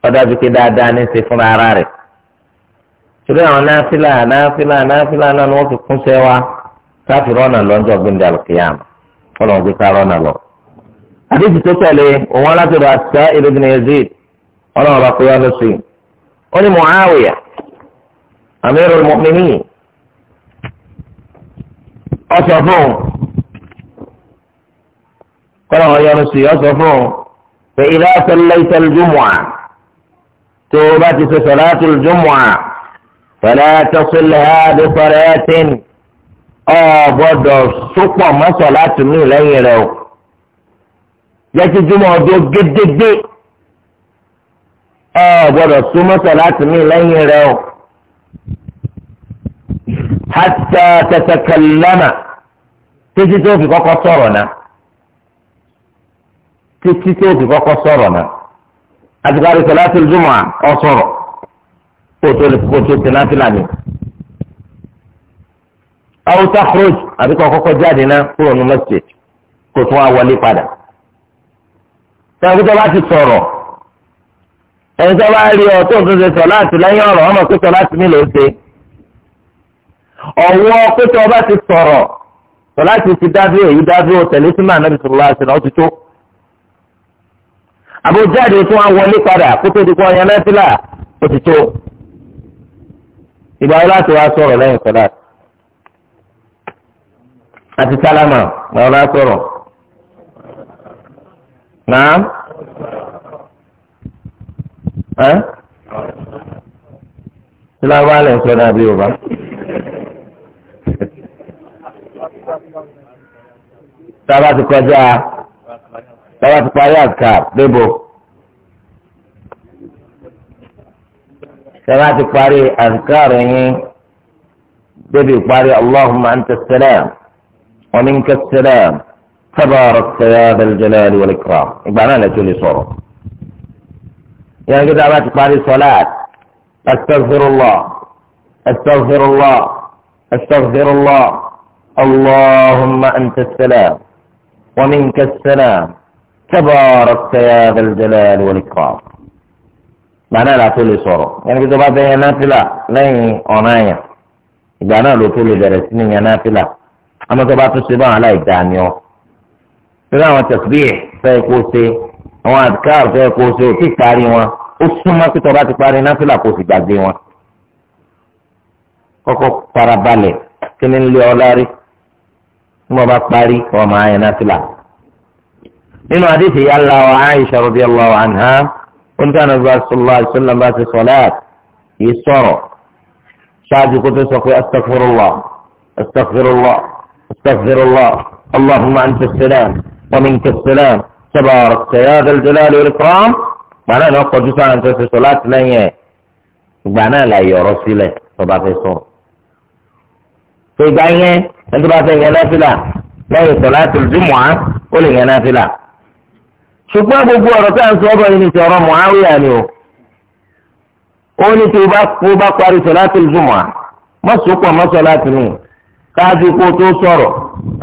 ọ̀dọ́ torí àwọn náfìlà náfìlà náfìlà náà ni wọ́n fi kún sẹ́wà káfí rọ́nà lọ́jọ́ gbẹ̀ndẹ̀ àlùkìyàmù fọlọ́n gbé ká rọ́nà lọ. àdéhùn tó tẹ̀lé òun alátọ̀dọ̀ àṣà ibn Yazid ọlọ́run ọba kúrò ló sí i. ó ní Muawiya amirul mu'minin ọsọ fún kọ́lọ́n ọyọ́ ló sí i fún pé idha sallayta al-jumu'ah tó bá ti فلا تصلها بصلاة ọ gbọ́dọ̀ sopọ mọsọ láti mú lẹ́yìn rẹ̀ o jẹjẹjúmọ ọdún gédégbé ọ gbọ́dọ̀ so mọsọ láti mú lẹ́yìn rẹ̀ o hàtà tẹtẹkẹlẹmà títí tó fi kọ́kọ́ sọ̀rọ̀ náà títí tó fi kọ́kọ́ sọ̀rọ̀ náà àti kárí sọ láti jùmọ ọ sọ̀rọ̀ kótó lè kótó ti náfìlà ni. aw takhruj àbí kò kọ́kọ́ jáde náà kúrò ní masjid kó tún wá wọlé padà. sọ́kútọ́ bá ti sọ̀rọ̀ ẹni tó bá rí ọ tó ń tún ṣe sọ láti lẹ́yìn ọ̀rọ̀ ọmọ pípọ̀ láti mí ló ṣe. ọ̀wọ́ pípọ̀ bá ti sọ̀rọ̀ sọ láti ti dábí èyí dábí tẹ̀lé sí màá nàbì sọ̀rọ̀ láti ó ti tó. àbójáde tún wá wọlé padà kó tó di kọ́ ọ̀yàn náà ìgbà wo láti wá sọ̀rọ̀ lẹ́yìn sọ̀dá àti sálámà ìgbà wo láti sọ̀rọ̀ náà ẹ́ síláwá lẹ̀ ń sọ̀dá bí yorùbá. tábà ti kọjá tábà ti parí àkàr débò. sẹ́wọ́n ti parí àǹkárò yín débi parí allahumma anta salam wa minka salam tabarakta ya dhal jalali wal ikram ìgbà náà lè tó lè sọ̀rọ̀. yẹn kí sábà ti parí sọ́láàt astaghfirullah astaghfirullah astaghfirullah allahumma anta salam wa minka salam tabarakta ya dhal jalali wal ikram. ìgbà náà la tó lè sọ̀rọ̀ yẹn kí tó bá fẹ́ yan náfìlà lẹ́yìn ọ̀ràn àyàn ìgbà náà ló tó lè bẹ̀rẹ̀ sí ní yan náfìlà àmọ́ tó bá tún ṣe báwọn aláìdáa ni ọ́ pẹ̀lú àwọn tẹ̀síbíyẹ̀ fẹ́ kó ṣe àwọn àdìkáàrù fẹ́ kó ṣe òtí parí wọn ó súnmọ́ pé bá ti parí náfìlà kó sì gbàgbé wọn. kọ́kọ́ farabalẹ̀ kí ni ń lé ọ lárí tí wọ́n bá parí ọmọ àyàn náfìlà. nínú àdéhìí yàrá wa Aisha radiyallahu anha كنت أنا أقول صلى الله عليه وسلم بات صلاة يسارة شاهد يقول استغفر الله استغفر الله استغفر الله, استغفر الله. اللهم أنت السلام ومنك السلام تبارك يا ذا الجلال والإكرام معنى أنه قد جسا أنت في صلاة لن معنى لا يرسي له فبات صلاة في بعين أنت بات نافلة لا هي صلاة الجمعة قل هي نافلة ṣùgbọ́n gbogbo ọ̀rọ̀ tí a ń sọ ọ́bọ̀ yìí ni ti ọ̀rọ̀ Muawiya ni o ó ní tí o bá parí sọ̀láàtì jùmọ̀ mọ́sùpọ̀ mọ́sọ̀láàtì nù káàdì kó tó sọ̀rọ̀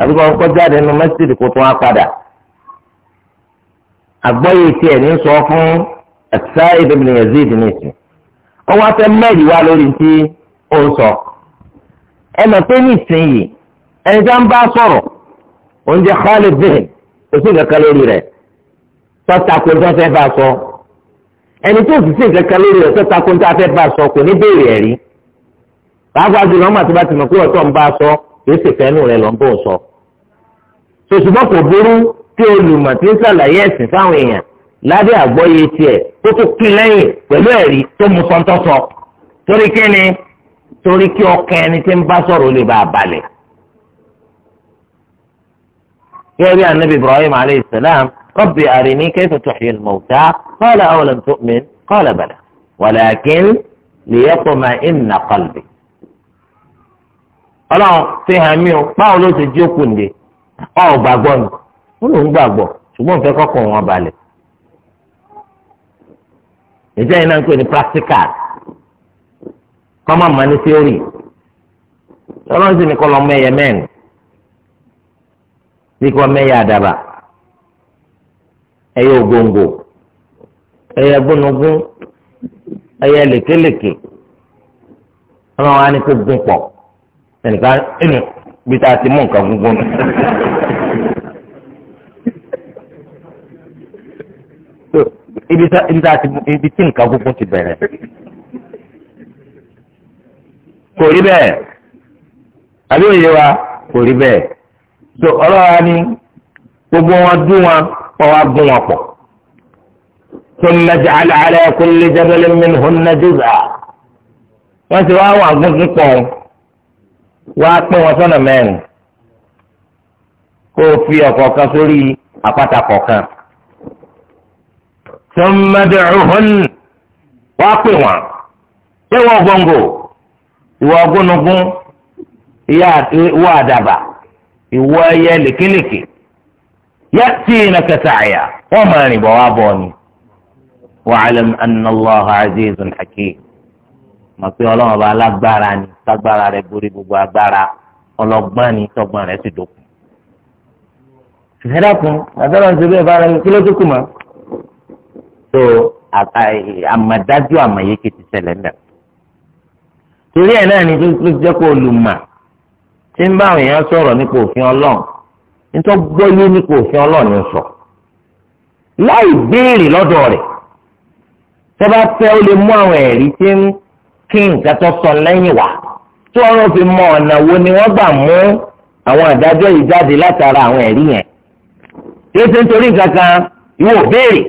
àbí kó kọ́ jáde nínú mẹ́sídìí kó tó wá padà àgbọ́yé tiẹ̀ ní sọ fún Sa'id ibn Yazid nìsín ó wá fẹ́ mẹ́rin wá lórí tí ó ń sọ ẹnà pé nísìnyí ẹni tá ń bá sọ̀rọ̀ tọ́ta kó tó fẹ́ bá sọ ẹni tó sì sí nǹkan kan lórí rẹ̀ tọ́ta kó tó fẹ́ bá sọ kò ní béèrè ẹ̀rí pàápàá jùlọ ọmọ àti bá ti mọ̀ pé ọ̀tọ̀ ń bá sọ kìí sì fẹ́nu rẹ̀ lọ́n bò sọ. sòṣùbọ́n kò burú tí olùmọ̀ tí ń sàlàyé ẹ̀sìn fáwọn èèyàn lábẹ́ àgbọ́yé tiẹ̀ tó tó kí lẹ́yìn pẹ̀lú ẹ̀rí tó mu sọ́ńtọ́sọ torí kí ni torí kí ọkàn ẹni tí ń bá sọ̀rọ̀ Ibrahim alayhi salam ربي أرني كيف تحيي الموتى قال أولم تؤمن قال بلى ولكن ليطمئن قلبي ọlọ́run fi hàn mí o báwo ló ti jókòó ǹde ọ gbàgbọ́ ni ó lòún gbàgbọ́ ṣùgbọ́n fẹ́ kọ́kọ́ wọn balẹ̀ ìjẹ́ iná ń pè ní practical kọ́mọ̀ mọ́ theory ọlọ́run sì ní kọ́ lọ́mọ ẹ̀yẹ mẹ́rin bí kò mẹ́yẹ àdàbà ẹyẹ ògòǹgò ẹyẹ gbónúgún ẹyẹ lèkèlèkè ọmọ wa ni kó gun pọ̀ ẹnìkan ẹnu bí tá a ti mú nǹkan gúngún nù. ibi tí nǹkan gúngún ti bẹ̀rẹ̀ kò rí bẹ́ẹ̀ àbí òye wa kò rí bẹ́ẹ̀ so ọlọ́wà ni gbogbo wọn dún wọn wọ́n wá gún wọn pọ̀. ثم اجعل على كل جبل منهن جزءا wọ́n ti wá wà gúngún pọ̀ wá pín wọn sọ́nà mẹ́rin kó o fi ọ̀kọ̀ọ̀kan sórí àpáta kọ̀ọ̀kan. ثم ادعهن wá pè wọ́n ṣé wọ́n gbọ̀ngàn ìwọ ọgúnnugún ìwọ àdàbà ìwọ ẹyẹ lèkèlèkè. يأتينك سعيا وما نبوابوني واعلم أن الله عزيز حكيم ما في الله ما لا باراني تبارا ربوري بوا بارا الله باني تبارا سيدوك fẹ́dàkùn àtàwọn ìṣẹ̀lẹ̀ ìbára ẹni kí ló dúkù mọ́. tó àmàdájú àmàyéke ti ṣẹlẹ̀ ńlẹ̀. torí ẹ̀ náà ni tó jẹ́ kó olùmọ̀ tí ń bá àwọn èèyàn sọ̀rọ̀ nípa òfin ọlọ́run nítorí gbọ́yé ní kò fi ọlọ́ọ̀ni sọ láì béèrè lọ́dọ̀ rẹ̀ tó bá fẹ́ ó lè mú àwọn ẹ̀rí tí ń kí nǹkan tó sọ lẹ́yìn wá tí wọ́n fi mọ ọ̀nà wo ni wọ́n gbà mú àwọn àdájọ́ yìí jáde látara àwọn ẹ̀rí yẹn ètò nítorí nǹkan kan ìwọ béèrè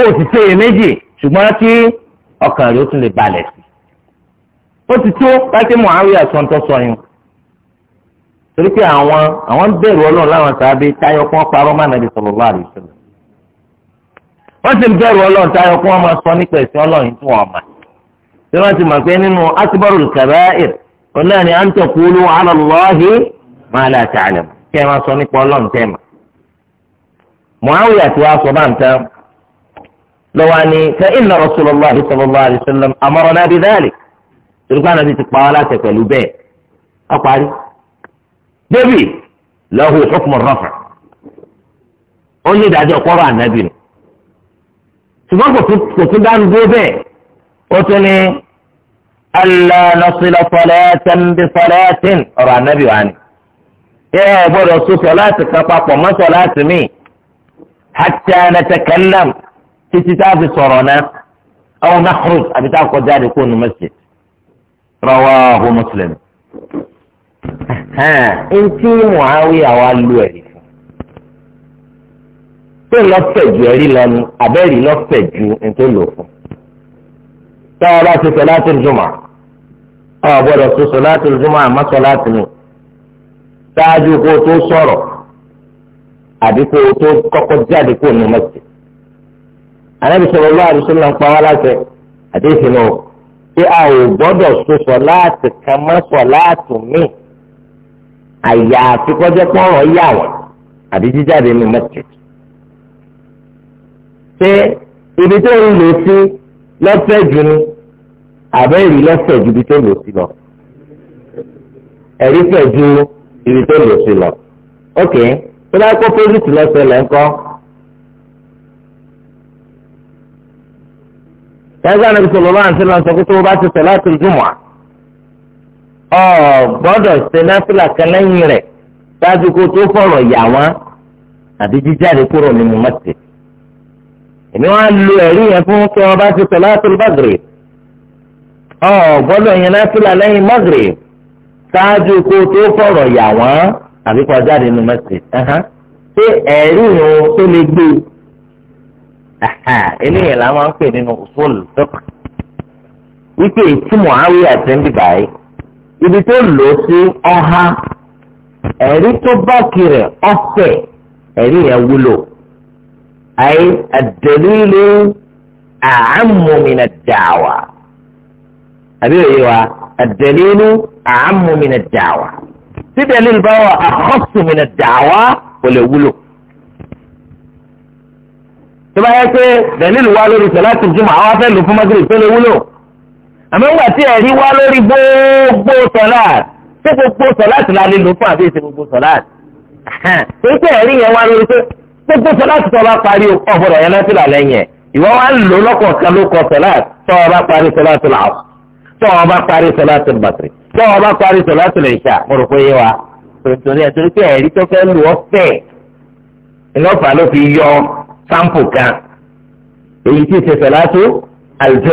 ó ti ṣe èméjì ṣùgbọ́n kí ọkàn rẹ̀ ó tún lè balẹ̀ sí ó ti tó láti mọ̀ àwíyà sọ̀ńtọ́sọ̀yún torí pé àwọn àwọn bẹ̀rù ọlọ́run láwọn sábẹ́ táyọ̀ kún parọ́ má nàbí sallallahu alaihi wọ́n ti bẹ̀rù ọlọ́run táyọ̀ kún ọmọ sọ nípa ẹ̀sìn ọlọ́run tí wọ́n mọ̀ tí wọ́n ti mọ̀ pé nínú akbarul kaba'ir ọ̀nà ni à ń ma la ta'lamu kí ẹ máa sọ nípa ọlọ́run tẹ́ mọ̀ débì lahu hukm ar-raf' ó ní ìdájọ́ kọ́rọ̀ ànábì nù ṣùgbọ́n kò tún dánu dúró bẹ́ẹ̀ ó tún ní alla nasila salatan bi salatin ọ̀rọ̀ ànábì wa ni ẹ ẹ gbọ́dọ̀ so sọláàtì kan papọ̀ mọ́ sọláàtì mi hatta natakallam títí tá a fi sọ̀rọ̀ náà àwọn náà kúrò àbí tá a kọjá àdìkú ní ntí Muawiya wa lu ẹ̀rí fún tó lọ fẹ̀jù ẹ̀rí lọ́nu abẹ́rì lọ fẹ̀jù ntó lò fún táwọn bá ti sọláàtì jùmọ̀ ọ̀ gbọ́dọ̀ tó sọláàtì jùmọ̀ àmọ́ sọláàtì mi ṣáájú kó o tó sọ̀rọ̀ àbí kó o tó kọ́kọ́ jáde kó o ní mọ́tì Ànábì sallallahu alaihi wasallam ń wá láṣẹ àdéhùn náà pé a ò gbọ́dọ̀ sọ sọláàtì kan mọ́ sọláàtì míì àyà àfikọ́jẹ́ pọ́nrọ̀ yà wọ́n àbí jíjáde ní mọ́kìtì. ṣé ibi tó ń lò sí lọ́sẹ̀ jù ni àbẹ́ ìrì lọ́sẹ̀ ju ibi tó lò sí lọ. ẹ̀rí fẹ̀ ju ibi tó lò sí lọ. ok tó bá kó pósìtì lọ́sẹ̀ lẹ́ńkọ́. ẹgbẹ́ àná bisọ̀ lọ́wọ́ àti sẹ́lá sọ pé tó o bá ti sọ̀ láti jùmọ̀ à ọ gbọ́dọ̀ ṣe náfìlà kan lẹ́yìn rẹ̀ ṣáájú kó tó fọ̀rọ̀ yà wọ́n àbí jíjáde kúrò nínú mọ́tì. èmi wá lo ẹ̀rí yẹn fún kí wọ́n bá ti sọ láti bàgìrì ọ gbọ́dọ̀ yẹn náfìlà lẹ́yìn mọ́gìrì ṣáájú kó tó fọ̀rọ̀ yà wọ́n àbí kó nínú mọ́tì. ṣé ẹ̀rí yẹn tó lè gbé eléyìí làwọn ń pè nínú òṣòlù tó kàn wípé ìtumọ̀ àwíyà ti ń bì báyìí ibi tó lò ó sí ọha ẹ̀rí tó bá kiri ọ̀fẹ́ ẹ̀rí yẹn wúlò ayé àdèlílé àámùmínà dàwà àbí òye wa àdèlílé àámùmínà dàwà tí dèlílé bá wà àkọ́sùmínà dàwà kò lè wúlò tó bá yẹ pé dèlílé wà lórí sọlá tìjúmọ̀ àwọn afẹ́ lò fún magírì tó wúlò àmọ́ ńgbà tí ẹ̀rí wá lórí gbogbo sọ̀láàt ṣé gbogbo sọ̀láàt la lè lò fún àbí èsì gbogbo sọ̀láàt torí pé ẹ̀rí yẹn wá lórí pé gbogbo sọ̀láàt tó bá parí ọ̀bọ̀dọ̀ yẹn láti là lẹ́yìn ẹ̀ ìwọ wá ń lò lọ́kọ̀ọ̀kan ló kọ sọ̀láàt tó o bá parí sọ̀láàt làwọn tó o bá parí sọ̀láàt bàtìrì tó o bá parí sọ̀láàt lẹ́ṣà mo rò pé yé wa torí ẹ̀ torí pé ẹ̀rí tó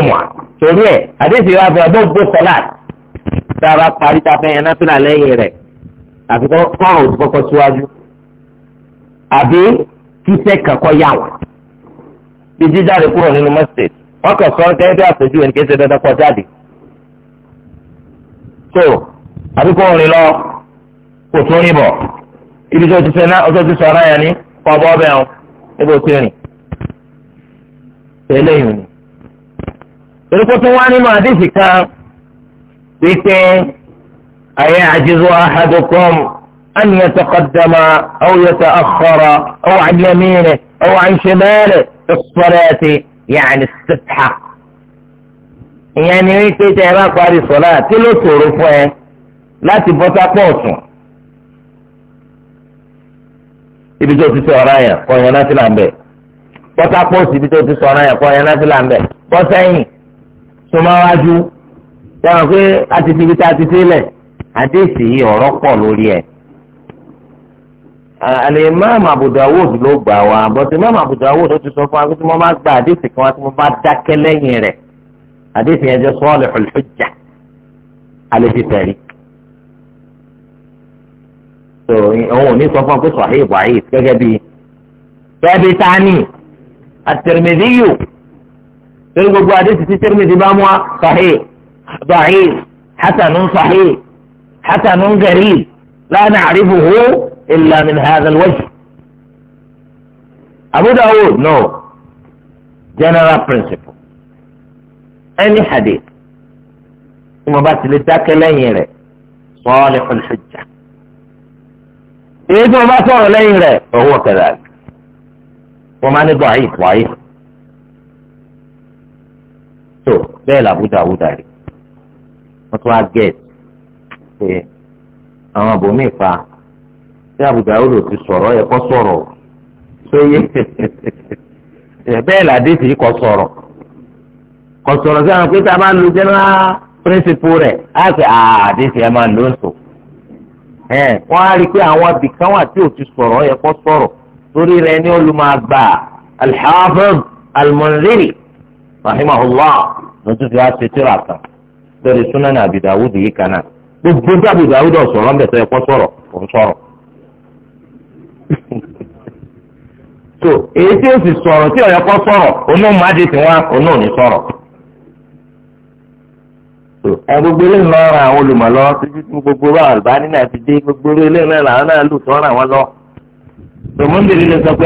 fẹ́ torí ẹ̀ àdéhùn ìwà fún ọdún gbó sọlá tá a bá parí ta fẹ́ yẹn náfìlà lẹ́yìn rẹ̀ àfi kọ́ràn òtún kọ́kọ́ síwájú àbí kíṣẹ́ kankọ́ yà wá bí jíjáde kúrò nínú mọ́sítẹ̀ wọ́n kàn sọ kẹ́ bí àpèjú ẹni kéṣe dandan kọ jáde so àbí kò rìn lọ kò tún rìn bọ̀ ibi tó ti fẹ́ náà ọjọ́ ti sọ ọ́ náà yẹn ní kọ́ bọ́ bẹ́ẹ̀ o níbo tí rìn tẹ́lẹ̀ yìí ni. torí kó tún wá nínú àdéhìí kan wípé ayé àjẹsọ ahadukum an yataqaddama aw yata'akhkhara aw an yaminihi aw an shimalihi fi salati ya'ni as-sitha ìyẹn ni wípé tẹ ẹ bá parí sọlá tí ló láti bọ́ sápọ̀ ọ̀tún ibi tó ti sọ ọ̀rá yẹn kọ́ yẹn láti là ń bẹ̀ bọ́ sápọ̀ òsì ibi tó ti sọ ọ̀rá yẹn kọ́ yẹn láti là ń bẹ̀ bọ́ bo tó máa wájú yàrá pé a ti fi ibi tá a ti sílẹ̀ àdéhìsì yìí ọ̀rọ̀ pọ̀ lórí ẹ̀. àlẹ́ imáàmù Abu Dawud ló gbà wá bọ́tí imáàmù Abu Dawud ó ti sọ fún wa pé tí mo máa gba àdéhìsì kan wá tí mo bá dákẹ́ lẹ́yìn rẹ̀ àdéhìsì yẹn jẹ́ salihul hujja alẹ́ ti tẹ̀rí. tó òun ò ní sọ fún wa pé sahih wáyé gẹ́gẹ́ gẹ́gẹ́ bíi tani at-Tirmidhi torí gbogbo àdéhùn tí Tirmidhi bá mú wa sahih da'if hasanun sahih hasanun gharib la na'rifuhu illa min hadha al-wajh. Abu Dawud no general principle any hadith tí mo bá ti lè dákẹ́ lẹ́yìn rẹ̀ salihul hujja èyí tí mo bá sọ̀rọ̀ lẹ́yìn rẹ̀ òun ọ̀kẹ́dà wọ́n máa ní da'if da'if. tó bẹ́ẹ̀ làbúdà àbúdà rí wọ́n tún á gẹ̀ẹ́t pé àwọn àbòmí ìfà tí àbúdà ó lò ti sọ̀rọ̀ ẹ̀ kọ́ sọ̀rọ̀ tó yé bẹ́ẹ̀ làdé sì kọ́ sọ̀rọ̀ kọ́ sọ̀rọ̀ sí àwọn pé tá a máa lu general principle rẹ̀ á sì àdé sì ẹ̀ máa lò ń wọ́n á rí i pé àwọn abìkan wà tí ò ti sọ̀rọ̀ ẹ̀ kọ́ sọ̀rọ̀ torí rẹ̀ ni olùmọ̀ àgbà alḥafid almunziri. rahimahullah lójú fi wá ṣe tíra kan lórí súnánì Abi Dawud yìí kan náà gbogbo tí Abi ọ̀sọ̀rọ̀ ń bẹ̀ tó yẹ kó sọ̀rọ̀ kò ń sọ̀rọ̀. so èyí tí ó sì sọ̀rọ̀ tí ọ̀yọ́ kó sọ̀rọ̀ onú màdì tí wọ́n onú ò ní lọ ra gbogbo náà dé gbogbo eléyìí náà làwọn náà lù lọ. tòmọ́ndé líle sọ pé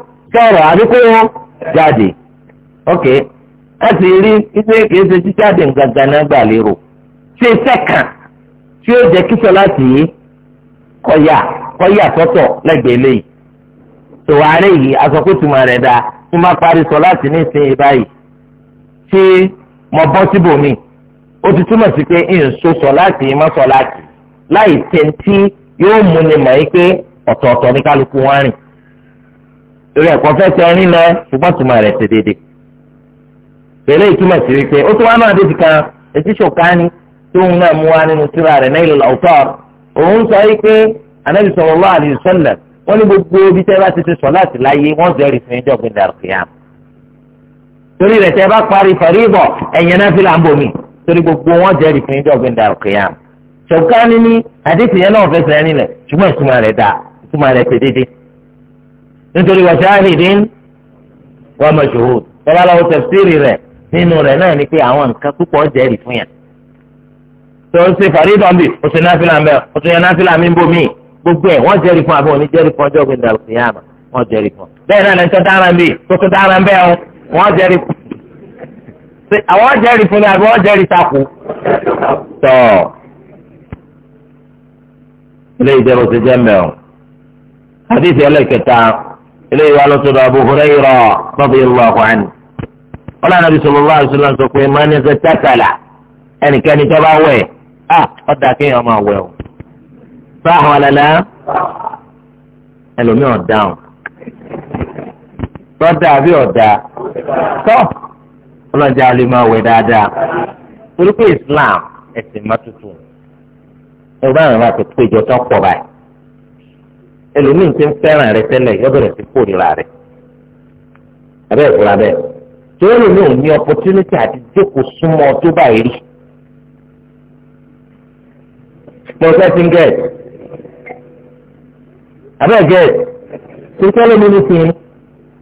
sọ̀rọ̀ àbí kó wọn jáde ok ẹ sì rí ipe kìí ṣe jíjáde gangan náà gbà lérò ṣe sẹ́kàn tí ó jẹ́ kíṣọ láti yí kọ̀yà kọ̀yà sọ́tọ̀ lẹ́gbẹ̀ẹ́ léyìí tòwárí yìí asọ́kùtùmọ̀ rẹ̀ dáa tí máa parí sọ láti ní ìsinyìí báyìí tí mo bọ́ síbòmíì ó ti túmọ̀ sí pé ìǹso sọ láti ìmọ̀ sọ láti láì tẹ̀ntì yóò múni mọ̀ yí pé ọ̀tọ̀ọ̀tọ̀ ní kálukú wọn rìn torí ẹ̀kọ́ fẹ́ tẹ ẹrin lọ ṣùgbọ́n tùmọ̀ rẹ̀ ṣe déédéé. pẹ̀lú ìtumọ̀ sí wípé ó tún wá náà dé ti kan etí ṣòkání tóun náà mú wa nínú síra rẹ̀ náà ìlọlọ ọ̀tọ̀ òun sọ wípé anabi sallallahu alaihi wasallam wọ́n ní gbogbo ibi tẹ́ bá ti ti sọ láti láyé wọ́n zẹ́rì fún ẹjọ́ gbẹ̀dẹ̀ àrùkìyàm. torí rẹ̀ tẹ́ bá parí fàríbọ̀ nítorí wa shahidin wa mashhud tọ́lá lọ́wọ́ tafsiri rẹ̀ nínú rẹ̀ náà ni pé àwọn nǹkan púpọ̀ jẹ́rìí fún yàn. tó ń ṣe fàrídàn bì ó ṣe náfìlà mẹ́ ó ṣe náfìlà mi ń bò míì gbogbo ẹ̀ wọ́n jẹ́rìí fún àbọ̀ oníjẹ́rìí fún ọjọ́ gbẹ̀dẹ̀ àlùkìyàmà wọ́n jẹ́rìí fún. bẹ́ẹ̀ náà lẹ́ńtọ́ dára ń bì tó dára ń bẹ́ ọ wọ́n jẹ́rìí fún. àwọn jẹ́rìí fún eléyìí wà lọ́sọ̀dọ̀ Abu Hurayra radiyallahu anhu. wọ́n lànà bí sallallahu alaihi wasallam sọ pé man yaghtasala ẹnikẹ́ni tó bá wẹ̀ á ọ̀dà kéèyàn máa wẹ̀ o. sáà lẹ́la ẹlòmíì ọ̀dáhùn. tọ́da àbí ọ̀dà tọ́ ọlọ́jà lè máa wẹ̀ dáadáa. torí pé Islam ẹ̀sìn má tutù. ẹ bá àwọn àti péjọ tó pọ̀ báyìí ẹlòmíì ti ń fẹ́ràn rẹ tẹ́lẹ̀ yọ bẹ̀rẹ̀ sí kórìíra rẹ abẹ́ ìfura bẹ́ẹ̀ tí ó lè ní òní opportunity àti jókòó súnmọ́ tó báyìí rí pọ̀sẹ̀ ti ń gẹ̀ẹ́t abẹ́ gẹ̀ẹ́t tó tẹ́lẹ̀ mi ní fi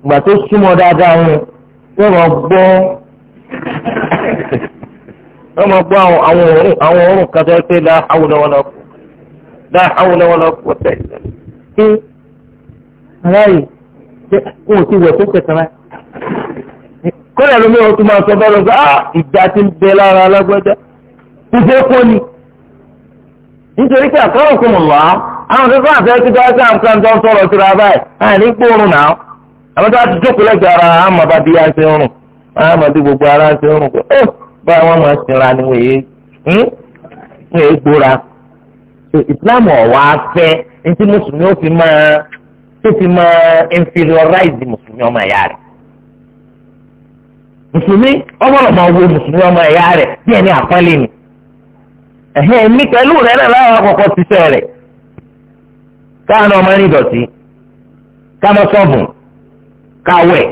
ìgbà tó súnmọ́ dáadáa ń wọ́n máa gbọ́ wọ́n máa gbọ́ àwọn òórùn kan tó ń pè dá àwùlọ́wọ́lọ́ dá àwùlọ́wọ́lọ́ pọ̀sẹ̀ ìlẹ̀. pé aláyè pé òun ti wẹ̀ kọ́lá ló mẹ́wọ́n tó máa sọ bá ah, ìgbà ń bẹ lára alágbọ́dá kọ́ ni. nítorí a ṣe ń rùn àmọ́ gbogbo ara ṣe ń rùn báyìí wọ́n máa ṣe ra ni wọ́n hmm? Ndị Musulmi o fi ma o fi ma inferiorize mùsùlùmí ọmọ ẹ̀yà rẹ̀ mùsùlùmí ọmọ ọmọ wo mùsùlùmí ọmọ ẹ̀yà rẹ̀ bí ẹni àpọ́nlé ni ẹ̀hìn ẹni pẹ̀lú rẹ̀ náà láwọn àkọ́kọ́ ti sẹ́ rẹ̀ káwọn ọmọ ẹni dọ̀tí káwọn sọ́ọ̀bù káwẹ̀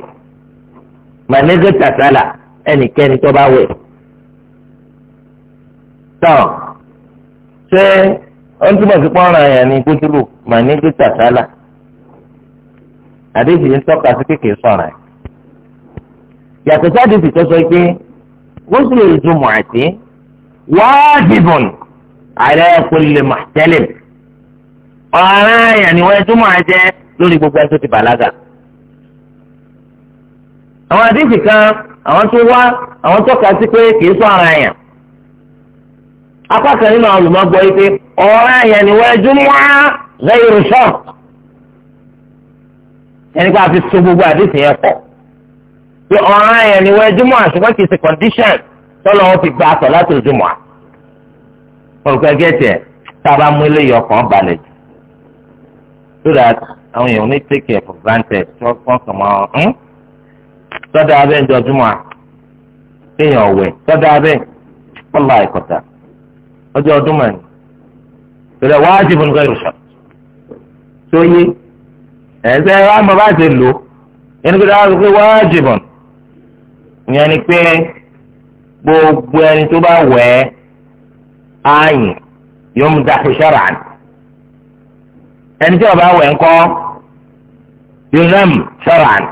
mànẹ́gẹ́ tàtàlà ẹnikẹ́ni tó bá ó ń túbọ̀ sí pọ́nrán àyàn ní kútùrù mà ní gbèsè àtàlà àdéhìí ń tọ́ka sí kékeré sọ̀rọ̀ ẹ̀. yàtọ̀ sí àdéhìí tó sọ pé ghuslu al-jumu'ati wajibun ala kulli muhtalim ọ̀ràn àyàn ni wọ́n túmọ̀ àjẹ́ lórí gbogbo ẹni tó ti bàlágà. àwọn àdéhìí kan àwọn tó wá àwọn tọ́ka sí pé kìí sọ̀rọ̀ àyàn akọ́sẹ̀ nínú àwọn olùmọ̀gbọ́ yìí pé ọ̀rọ̀ ẹ̀yẹ ni wọ́n ẹjú níyà lẹ́yìn ṣọ́ ẹni pé a fi so gbogbo àdéhùn yẹn pọ̀ pé ọ̀rọ̀ ẹ̀yẹ ni wọ́n ẹjú mọ́ àṣùgbọ́n kì í ṣe condition tọ́lọ́ wọn fi gba aṣọ láti ojú mọ́ olùkọ́ ẹgbẹ́ tiẹ̀ tá a bá mú ilé yọ balẹ̀ jù so that àwọn èèyàn ní take care for granted tó wọ́n kàn mọ́ ọ́n hmm? tọ́da abẹ́ ń jọjú mọ́ a kéèyàn ọ̀wẹ̀ tọ́da abẹ́ ọlọ́ àìkọ̀tà ọjọ́ ọdún mọ̀ ní torí ẹ̀ wájú fún nǹkan ìrùsọ̀ tó yé ẹ̀sẹ̀ wa mọ̀ bá ṣe lò ẹni pé dáhùn sọ pé wájú fún ìyẹn ni pé gbogbo ẹni tó bá wẹ̀ ẹ́ ààyè yóò mú dàpọ̀ ṣọ́ra àná ẹni tí ọba wẹ̀ ńkọ́ yóò nàm ṣọ́ra àná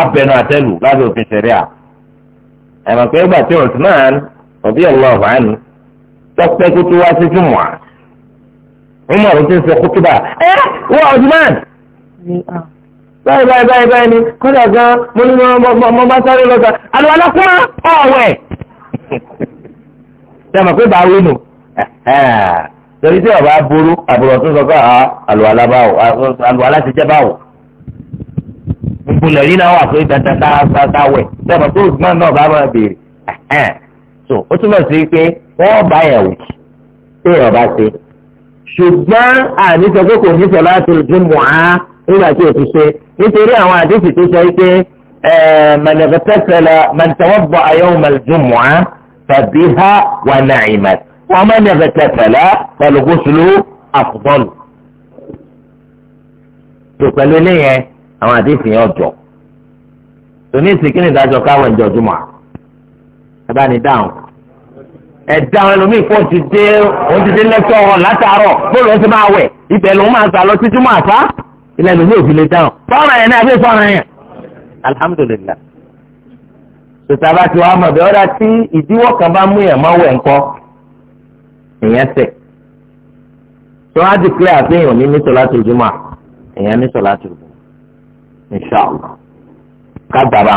abẹnú àtẹlù lábẹ́ òfin ṣẹ̀ríà ẹ̀mọ̀ pé ìgbà tí Usman radiyallahu anhu tọ́pẹ́ kó tó wá sí jùmọ̀ à ọmọ rẹ ti ń sọ kótóbà ẹ wọ ọdúnmán. Ah. báyìí báyìí báyìí báyìí ni kọ́dà gan mo ní mo bá sáré lọ́sà àlọ́ alákùnrin ọ̀wẹ̀. ṣé ẹ mọ̀ pé bàá wí nù torí tí ọba burú àbúrò tó sọ pé ah, àlùwàlá báwò àlùwàlá ti jẹ́ báwò gbogbo lẹ́rìí náà wà pé dandan ká wẹ̀ ṣé ẹ mọ̀ pé òṣùmọ̀ náà bá máa béèrè so ó túmọ̀ sí pé wọ́n bá yẹn wù tí èèyàn bá ṣe ṣùgbọ́n àní sọ pé kò ní sọ láti ojú mọ̀ á nígbà tí o ti ṣe nítorí àwọn àdéhùn tó sọ pé mẹnẹfẹtẹsẹlẹ mẹnẹtẹwọbọ ayọwò mẹlẹdùnmọ á tàbí ha wà nàìmẹ wọn mẹnẹfẹtẹsẹlẹ pẹlúgúsùlù àfùbọlù. tó pẹ̀lú eléyẹn àwọn àdéhùn yẹn ọjọ́ tòní ìsìnkí ni ìdájọ́ káwọn ìjọ jùmọ̀ á bá ní dáhùn ẹ̀dá ẹlòmíì kò ti dé òun ti dé lẹ́tọ̀ ọ̀hún látàárọ̀ bóòlù ó ti máa wẹ̀ ibẹ̀ lòun máa sà lọ títí mọ́ àṣá ilẹ̀ ẹlòmíì ò fi lè dáhùn fọ́ọ̀rọ̀ yẹn náà bí fọ́ọ̀rọ̀ yẹn alhamdulillah sọta bá ti wàá mọ̀ bẹ́ẹ̀ ọ̀dà tí ìdíwọ́ kan bá mú yẹn máa wẹ̀ ńkọ́ èèyàn sẹ̀ tí wọ́n á di clear pé èèyàn ní ní sọ̀látù Jímọ̀ èèyàn ní sọ̀látù Jímọ̀ inshallah ká gbàgbà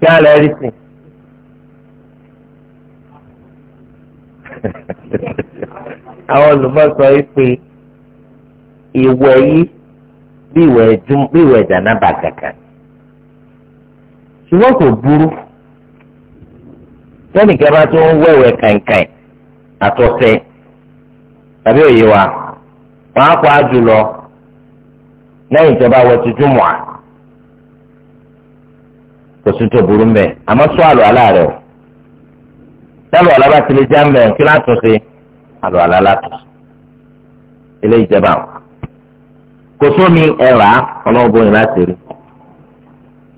kí á lè rí sìn. àwọn olùbọ́sọ yìí pé ìwẹ̀ yìí bí ìwẹ̀ jànábà kankan ṣùgbọ́n kò burú sẹ́nìkan bá tó ń wẹ̀wẹ̀ kàìnkàìn àtọ̀tẹ̀ tàbí òye wa wọ́n á pa á jùlọ lẹ́yìn ìjọba wọ tuntun mọ́ a kò sí tó burú mbẹ àmọ́ sọ àlọ àlá rẹ o sálọ àlá bá tilẹ̀ já mbẹ kí látò sí àlọ àlá látò ilé ìjẹba o kò sómi ẹ̀rà ọlọ́ọ̀bù yìí láti rí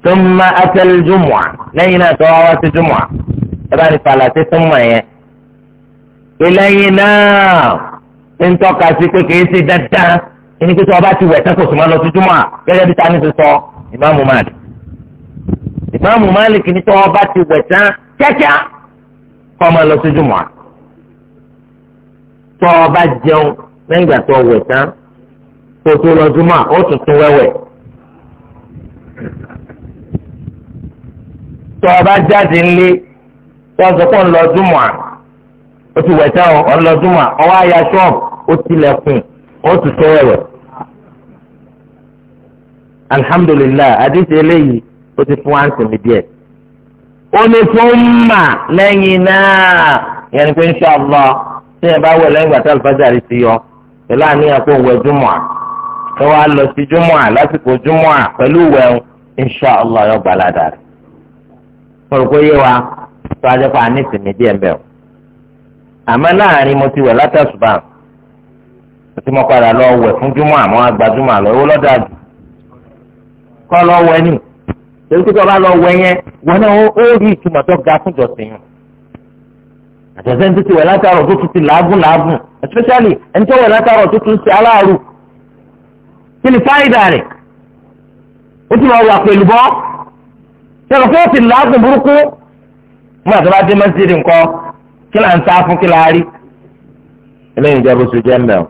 tó ń má atẹ́lẹ̀ jùmọ̀à lẹ́yìn náà tó wá wá sí jùmọ̀à ẹ bá ní falàtí tó mọ̀ yẹn ìlẹ́yìn náà ń tọ́ka sí pé kì í ṣe ẹni pé tí wọ́n ti wẹ̀ tán máa lọ sí jùmọ̀à gẹ́gẹ́ bí tani ti sọ ìmáàmù máa dì ìmáàmù Malik ní tọ́wọ́ bá ti wẹ̀ tán kíákíá kọ́ ọ máa lọ sí jùmọ̀ tọ́wọ́ bá jẹun lẹ́yìn ìgbà tó wẹ̀ tán kó tó lọ jùmọ̀ ó tuntun wẹ́wẹ́. tọ́wọ́ bá jáde ńlé tọ́wọ́ sọ pé ń lọ jùmọ̀ ó ti wẹ̀ tán ọ̀ ń lọ jùmọ̀ ọwọ́ àyà ṣọ́ọ̀bù ó tilẹ̀kùn ó tuntun wẹ́wẹ́. alhamdulillah àdìsí eléyìí ó ti fún wáǹsì mi díẹ̀. ó ní fún mà lẹ́yìn náà yẹn ni pé ń ṣe ọlọ tí yẹn bá wẹ̀ lẹ́yìn gbàtà alùpàdàrí ti yọ pẹ̀lú àníyàn kó wẹ̀ júmọ̀ à ẹ wá lọ sí júmọ̀ à lásìkò júmọ̀ à pẹ̀lú wẹ̀hún ń ṣe ọlọ yọ gbàládà rẹ̀. mo rò pé yé wa tó a jẹ́ pa àníṣe mi díẹ̀ mẹ́ o. àmọ́ láàrin mo ti wẹ̀ látàṣùbà mo ti mọ́ padà lọ wẹ̀ fún júmọ̀ àmọ́ àgbà júmọ̀ àlọ́ torí pé tí wọ́n bá lọ wẹ̀ yẹn wọn náà ó rí ìtumọ̀ tó ga fún ìjọsìn yẹn àtẹ̀sẹ̀ ní ti wẹ̀ látàrọ̀ tó tún ti làágùn làágùn especially ẹni tó wẹ̀ látàrọ̀ tó tún ti aláàrù kí ni fáìdà rẹ̀ ó ti máa wà pẹ̀lú bọ́ sọ̀rọ̀ pé ó ti làágùn burúkú mú àtàlà dé mẹ́sìlì nǹkan kí là ń sá fún kí là á rí eléyìí jẹ́ bó ṣe jẹ́ mbẹ́ o.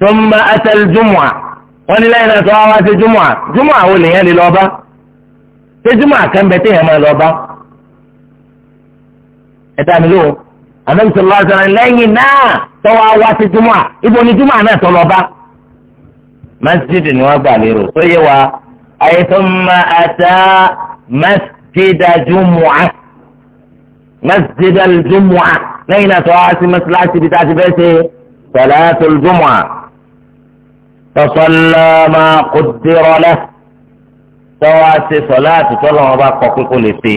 tó ń bá ẹsẹ̀ jùmọ̀ wọ́n ní lẹ́yìn náà sọ wá wá sí jùmọ̀ jùmọ̀ àwọn èèyàn lè lọ bá tẹjúmọ àkànbẹ tẹyàn máa lọ bá ẹ̀dá mi lóhùn ànábì sọlá sọlá lẹ́yìn náà tọwọ́ wá sí júmọ ibo ni júmọ náà tọ lọ bá masjid ni wọ́n gbà lérò tó yẹ wa ayé tó máa ata masjid júmọ masjid júmọ lẹ́yìn náà tọwọ́ sí masalasi bí táti bẹ ṣe sọlá tó júmọ tọsọlá máa kó dérọ tọ́wọ́ ṣe sọ̀lá àtútọ́ lọ́wọ́ bá kọ́ pé kó lè ṣe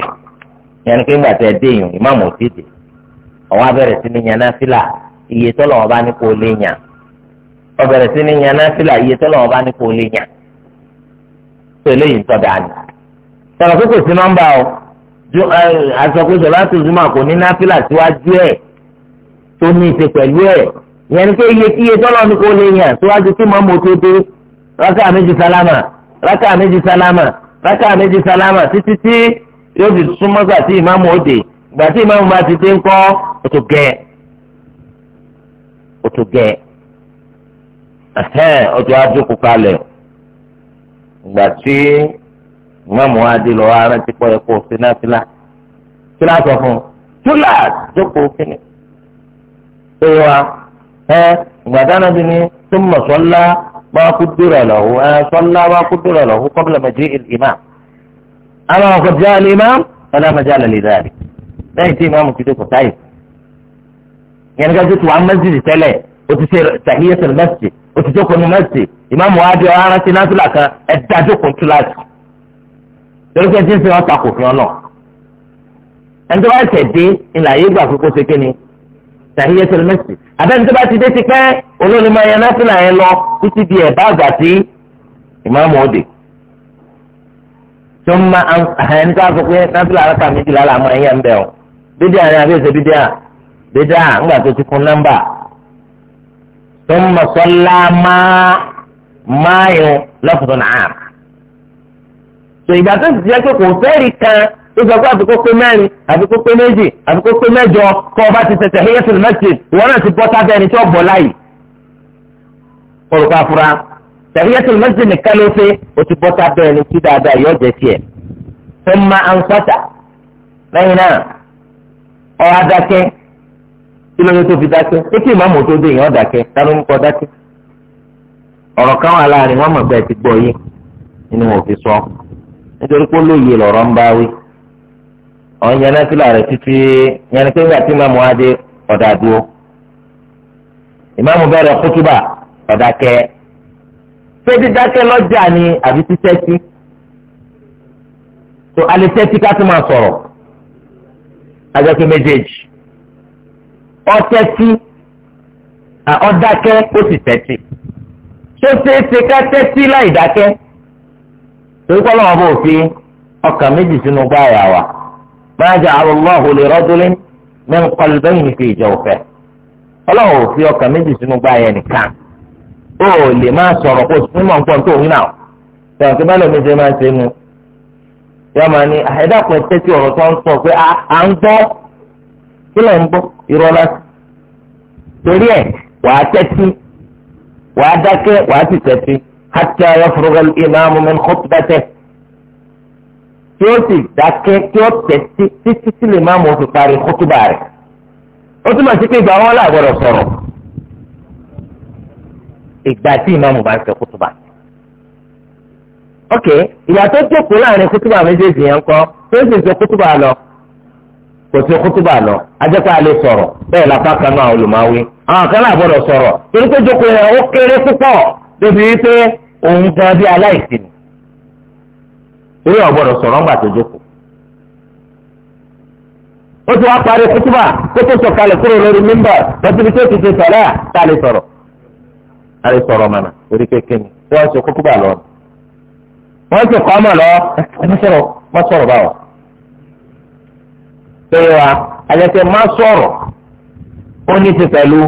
yẹn pé ńgbà tẹ dé yùn ìmáàmù òtítì ọ̀wọ́ abẹ́rẹ́ sí ní yan náfìlà iye tọ́lọ̀ wọn bá ní kó lè yàn ọbẹ̀rẹ̀ sí ní yan náfìlà iye tọ́lọ̀ wọn bá ní kó lè yàn tó eléyìí ń tọ́ da ni. sọ̀rọ̀ pé kò sí nọ́mbà o àsọkóso láti zuma kò ní náfìlà síwájú ẹ̀ tó ní ìṣe pẹ̀lú ẹ̀ yẹn pé iye kíye tọ́lọ̀ ní kó lè yàn síwájú kí mọ́mọ́ tó dé rákà méjì sálámà rákà méjì sálámà rákà méjì sálámà títí tí yóò fi súnmọ́ gbà tí ìmáàmù ó dé gbà tí ìmáàmù bá ti dé ńkọ́ òtò gẹ̀ òtò gẹ̀ ẹ̀hẹ́n òtò adókò kalẹ̀ gbà tí ìmáàmù wa dé lọ́wọ́ arántí pọ̀ ẹ̀kọ́ sínáfílà kíláàsì ọ̀fun túláàsì jókòó kínní. ṣé wa ẹ ìgbàdánà bí ni tó sọ́lá. ما قدر له صلى ما قدر له قبل مجيء الإمام أما وقد جاء الإمام فلا مجال لذلك لا يأتي إمام كتبه طيب يعني قال جيت وعن مسجد تلي وتسير تحية المسجد وتجوكم المسجد إمام وادي وأنا سنات لك أدعجوكم ثلاثة تلك الجنس ما تقول في الله أنت رأيت دي إن لا يبقى في قوسك tahiyatul masjid abẹ́ni tó bá ti dé ti pẹ́ olórí máa yan násìlà yẹn lọ títí di ẹ̀ bá àgbà sí ìmáàmù òde tó ń ma ẹni tó a sọ pé násìlà arákà méjìlá là máa yan bẹ́ẹ̀ o bídíà ni àbí èsè bídíà bídíà ńgbà tó ti kún nọ́mbà tó ń ma sọ́lá máa máa yun lọ́kùnrin náà. sọ ìgbà tó ti jẹ́ pé kò fẹ́ẹ̀rì kan ó sọ pé àfikún pé mẹ́rin àfikún pé méjì àfikún pé mẹ́jọ kọ́ ọba ti tẹ̀tẹ̀ hẹ́yẹ́ tó lè mẹ́sì ìwọ́n náà ti bọ́ sábẹ́ ẹni tó bọ̀ láyì. olùkọ́ afura tẹ̀hẹ́yẹ́ tó lè mẹ́sì nìkan ló ṣe ó ti bọ́ sábẹ́ ẹni tí dáadáa yọ jẹ tiẹ̀. ó ma à ń sọ́tà lẹ́yìn náà ọ adákẹ́ kí ló ń tó fi dákẹ́ ó kí ìmáàmù tó dé èèyàn dákẹ́ tánú ń kọ́ dákẹ́ ọ̀rọ̀ kan wà láàrin wọn mọ̀ bẹ́ẹ̀ ti gbọ́ yìí nínú òfin sọ nítorí pé ó lóye lọ̀rọ̀ ń báwí ọ̀n yẹn náà fìlà rẹ̀ títí yẹn ni pé nígbà tí ìmáàmù wá dé ọ̀dà dúró ìmáàmù bẹ̀rẹ̀ kútúbà ọ̀dà kẹ́ ṣé dídákẹ́ lọ́jà ni àbí títẹ́tí tó alẹ́ tẹ́tí ká tó máa sọ̀rọ̀ ajọ́kẹ́ méjèèjì ọ̀tẹ́tí ọ̀dákẹ́ ó sì tẹ́tí ṣó ṣeé ká tẹ́tí láì dákẹ́ torí kọ́ lọ́wọ́ bó fi ọkàn méjì sínú gbáàyà ما جعل الله لرجل من قلبين في جوفه ọlọ́run fi ọkàn méjì sínú gba ẹ̀ nìkan ó lè máa sọ̀rọ̀ kó sínú mọ̀ nǹkan tó ń nà ó sọ̀rọ̀ kí báyọ̀ méje máa ṣe nu yóò máa ní àìdàpọ̀ tẹ́tí ọ̀rọ̀ tó ń sọ pé à ń gbọ́ kí lẹ̀ ń gbọ́ irọ́ torí ẹ̀ wàá tẹ́tí wàá dákẹ́ wàá sì tẹ́tí hatta yafruga al-imamu min tí ó sì dákẹ́ tí ó tẹ̀sí títí tí lè máa mọ̀ fi parí kótóbà rẹ̀ ó túmọ̀ sí pé ìgbà wọn là gbọdọ̀ sọ̀rọ̀ ìgbà tí ìmáàmù bá ń ṣe kótóbà. ok ìgbà tó jókòó láàrin kótóbà méjèèjì yẹn kọ́ tó sì ṣe kótóbà lọ kò sí kótóbà lọ ajẹ́pẹ́ alẹ́ sọ̀rọ̀ bẹ́ẹ̀ lápá kan náà olùmọ̀wé àwọn kan là sọ̀rọ̀ torí pé jókòó yẹn ó kéré púpọ̀ débi wípé òun gan bí aláìsí ni torí ọ̀gbọ́dọ̀ sọ̀rọ̀ ńgbà tó jókòó. ó ti wá parí kútúbà tó tó sọ kalẹ̀ kúrò lórí mímbà lọ́sibí tó ti ṣe sọ̀rọ̀ à tá a lè sọ̀rọ̀ a lè sọ̀rọ̀ mọ̀nà orí kékeré ni tí wọ́n ṣe kútúbà lọ. wọ́n ṣe kọ́ ọmọ lọ ẹni sọ̀rọ̀ má sọ̀rọ̀ báwọ̀. pẹ̀lú wa àyẹ̀kẹ́ má sọ̀rọ̀ ó ní ti pẹ̀lú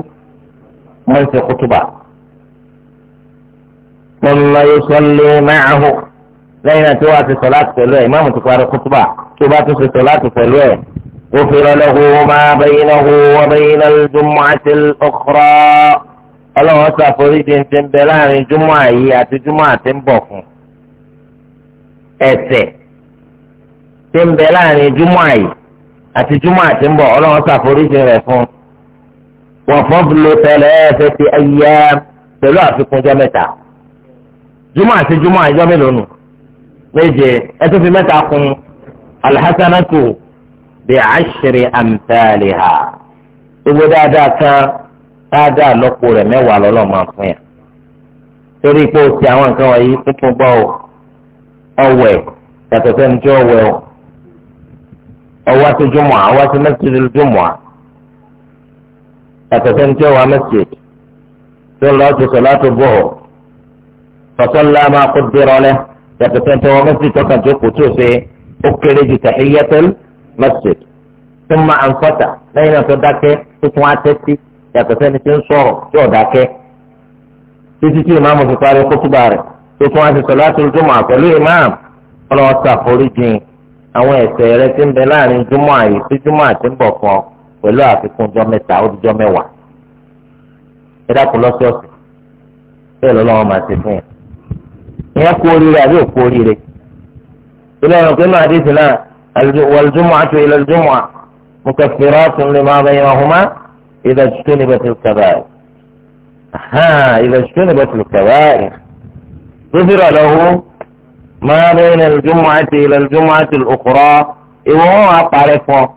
wọ́n ṣe kútúbà. wọ́n lọ yóò sọ lẹ́yìn náà tí wàá ti sọ̀láàtì pẹ̀lú ẹ̀ ìmáàmù ti parí kútùbà tí wàá tún ti sọ̀láàtì pẹ̀lú ẹ̀ ó fi rọlẹ́hu máa bẹ́yìn náà hu wọ́n bẹ́yìn náà jùmọ̀ àti ọkọ̀rọ̀ ọlọ́wọ́n ṣàforíjì ti ń bẹ láàrin jùmọ̀ àyè àti jùmọ̀ àti ń bọ̀ fún ẹ̀ṣẹ̀ ti ń bẹ láàrin jùmọ̀ àyè àti jùmọ̀ àti ń bọ̀ ọlọ́wọ́n ṣàforíjì rẹ̀ fún wọ́n fọ́bùlù tẹ̀lé ẹ̀fẹ̀ ti ẹ̀yẹ pẹ̀lú àfikún jọ mẹ́ta jùmọ̀ àti jùmọ̀ àjọ mélòó nù méje ẹtún fi mẹ́ta kún alhassanatu bi ashri amthaliha gbogbo dáadáa kan dáadáa lọ́pọ̀ rẹ̀ mẹ́wàá lọ́lọ́ máa fún yà torí pé o ti àwọn nǹkan wọ̀nyí tuntun gbọ́ o ọwẹ́ yàtọ̀ sẹ́ni tí ọwẹ́ o ọwọ́ ti jùmọ̀ àwọn ti mẹ́sìlì jùmọ̀ yàtọ̀ sẹ́ni tí ọwọ́ mẹ́sìlì tó lọ́ọ́ ti sọ̀ bọ̀ ọ̀ fọ́sọ́lá máa kó dérọ́ yàtọ̀ sẹ́ni tó wọ́n mẹ́sìlì tó kàn tó kù tó ṣe ó kéré ju tahiyyatul masjid tó ma à ń fọ́tà lẹ́yìn náà tó dákẹ́ tó tún á tẹ́tí yàtọ̀ sẹ́ni tó ń sọ̀rọ̀ tí ò dákẹ́ títí tí ìmáàmù fi parí kótóbà rẹ̀ tó tún á ti salatul jumu'a pẹ̀lú ìmáàmù ọlọ́wọ́ sàforíjìn àwọn ẹ̀ṣẹ̀ rẹ̀ ti ń bẹ láàrin júmọ́ àyè sí júmọ́ àti ń bọ̀ fún pẹ̀lú àfikún jọ mẹ́ta ó dijọ́ mẹ́wàá ẹ dákun lọ́sọ̀ọ̀sẹ̀ bẹ́ẹ̀ lọ́lọ́wọ́ máa ṣe fún yẹn ìyẹn kú oríire àbí òkú oríire ilé ẹ̀rọ pé náà àdéhùn náà wàlùjúmọ̀ àti ìlẹ̀lùjúmọ̀ mùkàfìrà tún lè máa bẹ̀yìn ọ̀húnmá ìdàjútó níbẹ̀ tó kàbáyé ìdàjútó níbẹ̀ tó kàbáyé tófìrà lọ́hùn máa bẹ̀yìn ìlẹ̀lùjúmọ̀ àti ìlẹ̀lùjúmọ̀ àti òkúrọ̀ ìwọ wọn wà parẹ́ fún ọ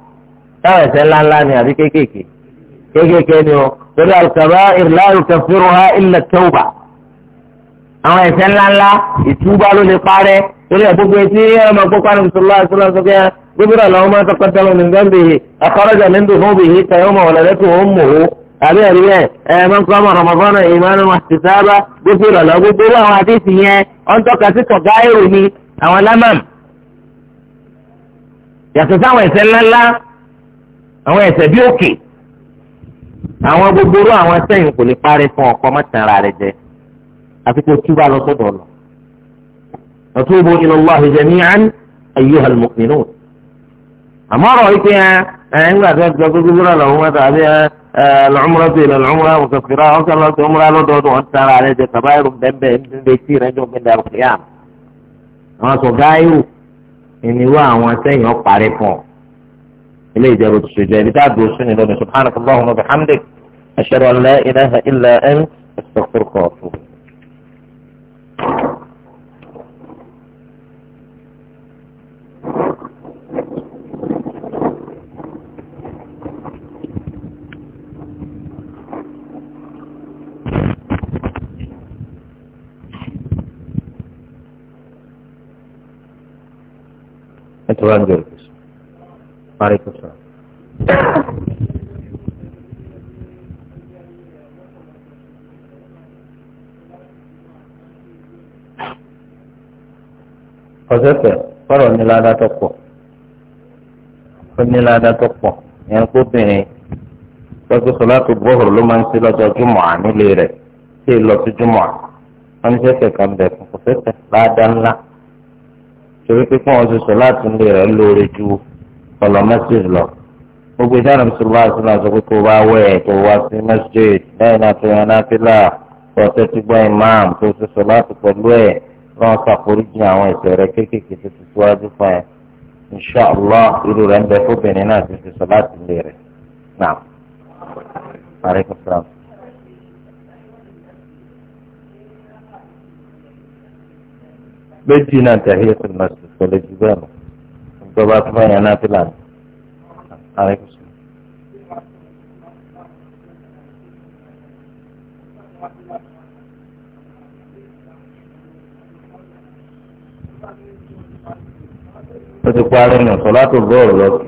táwọn ẹ̀ṣẹ̀ ńláńlá ni àbí kéékèèké kéékèèké ni ó torí àlùkàbáyé ìlà àwọn ẹ̀ṣẹ̀ ńláńlá ìtúbà ló lè parẹ́ torí ẹ gbogbo etí ọmọ gbogbo àwọn mùsùlùmí àṣìlọ sọkẹ gbogbo àwọn ọmọ tọkọtaya ọmọ nǹkan bèèrè ọkọrọjà ní ndò fún bèèrè tẹyọ ọmọ ọlọlẹ tó ń mọ o àbí ẹrí ẹ ẹ mọkàn ọmọ rọmọfọnà ìmọ̀ràn àtìsáàbà gbogbo ìrọ̀lọ́ gbogbo àwọn àdéhùn yẹn ọ̀n tọ́ka sí tọ̀gá èrò ni àwọn lámàm. yàtọ̀ sáwọn ẹ̀ṣẹ̀ ńláńlá àwọn ẹ̀ṣẹ̀ bí òkè àwọn gbogbo àwọn sẹ́yìn kò lè parẹ́ fún ọkọ mọ́tàn ara jẹ́ أتوبوا إلى الله جميعا أيها المؤمنون أما رأيك يا أنا أتوبوا إلى الله جميعا أيها المؤمنون العمرة إلى العمرة وكفراء وكفراء وكفراء وكفراء وكفراء على جهة كبائر من بيتير أجوا من دار القيام أما سوكايو إني واع وانسان يوقع ريكو إليه جارو تسجيني تابدو سنين سبحانك اللهم وبحمدك أشهد أن لا إله إلا أنت استغفرك واتوب tó bá Mari kita. kò kalau parí kò sùn. ọ̀sẹ̀fẹ̀ fọ̀rọ̀ níláda tó pọ̀ ó níláda tó pọ̀ yẹn kó bìnrin lọ́jọ́ sọlá tó gbọ́hùrù ló máa ń ṣe lọ́jọ́ júmọ̀ nílé rẹ̀ torí pé pọ́n ọ̀sẹ̀ sọ láti ilé rẹ̀ lóore ju ọ̀lọ́ mẹ́sìlì lọ. gbogbo ìdáhùn mùsùlùmí àti ìlànà sọ pé kó wá wẹ̀ kó wá sí mẹ́sìlì lẹ́yìn náà tó yan náfìlà tó tẹ́tí gbọ́ imam tó ṣe sọ láti pẹ̀lú ẹ̀ lọ́n ṣàforíjì àwọn ẹ̀ṣẹ̀ rẹ̀ kéékèèké tó ti síwájú fún ẹ. inṣàlá irú rẹ̀ ń bẹ fóbìnrin náà ti ṣe sọ láti ilé rẹ̀ náà. alaikum salaam. méjì náà tẹ̀lé kò lè ju bẹ́ẹ̀ lọ ìjọba tó bá yẹn náà ti là ní. ó ti parí nù sọlá tó bọ́ọ̀lù lọ́sùn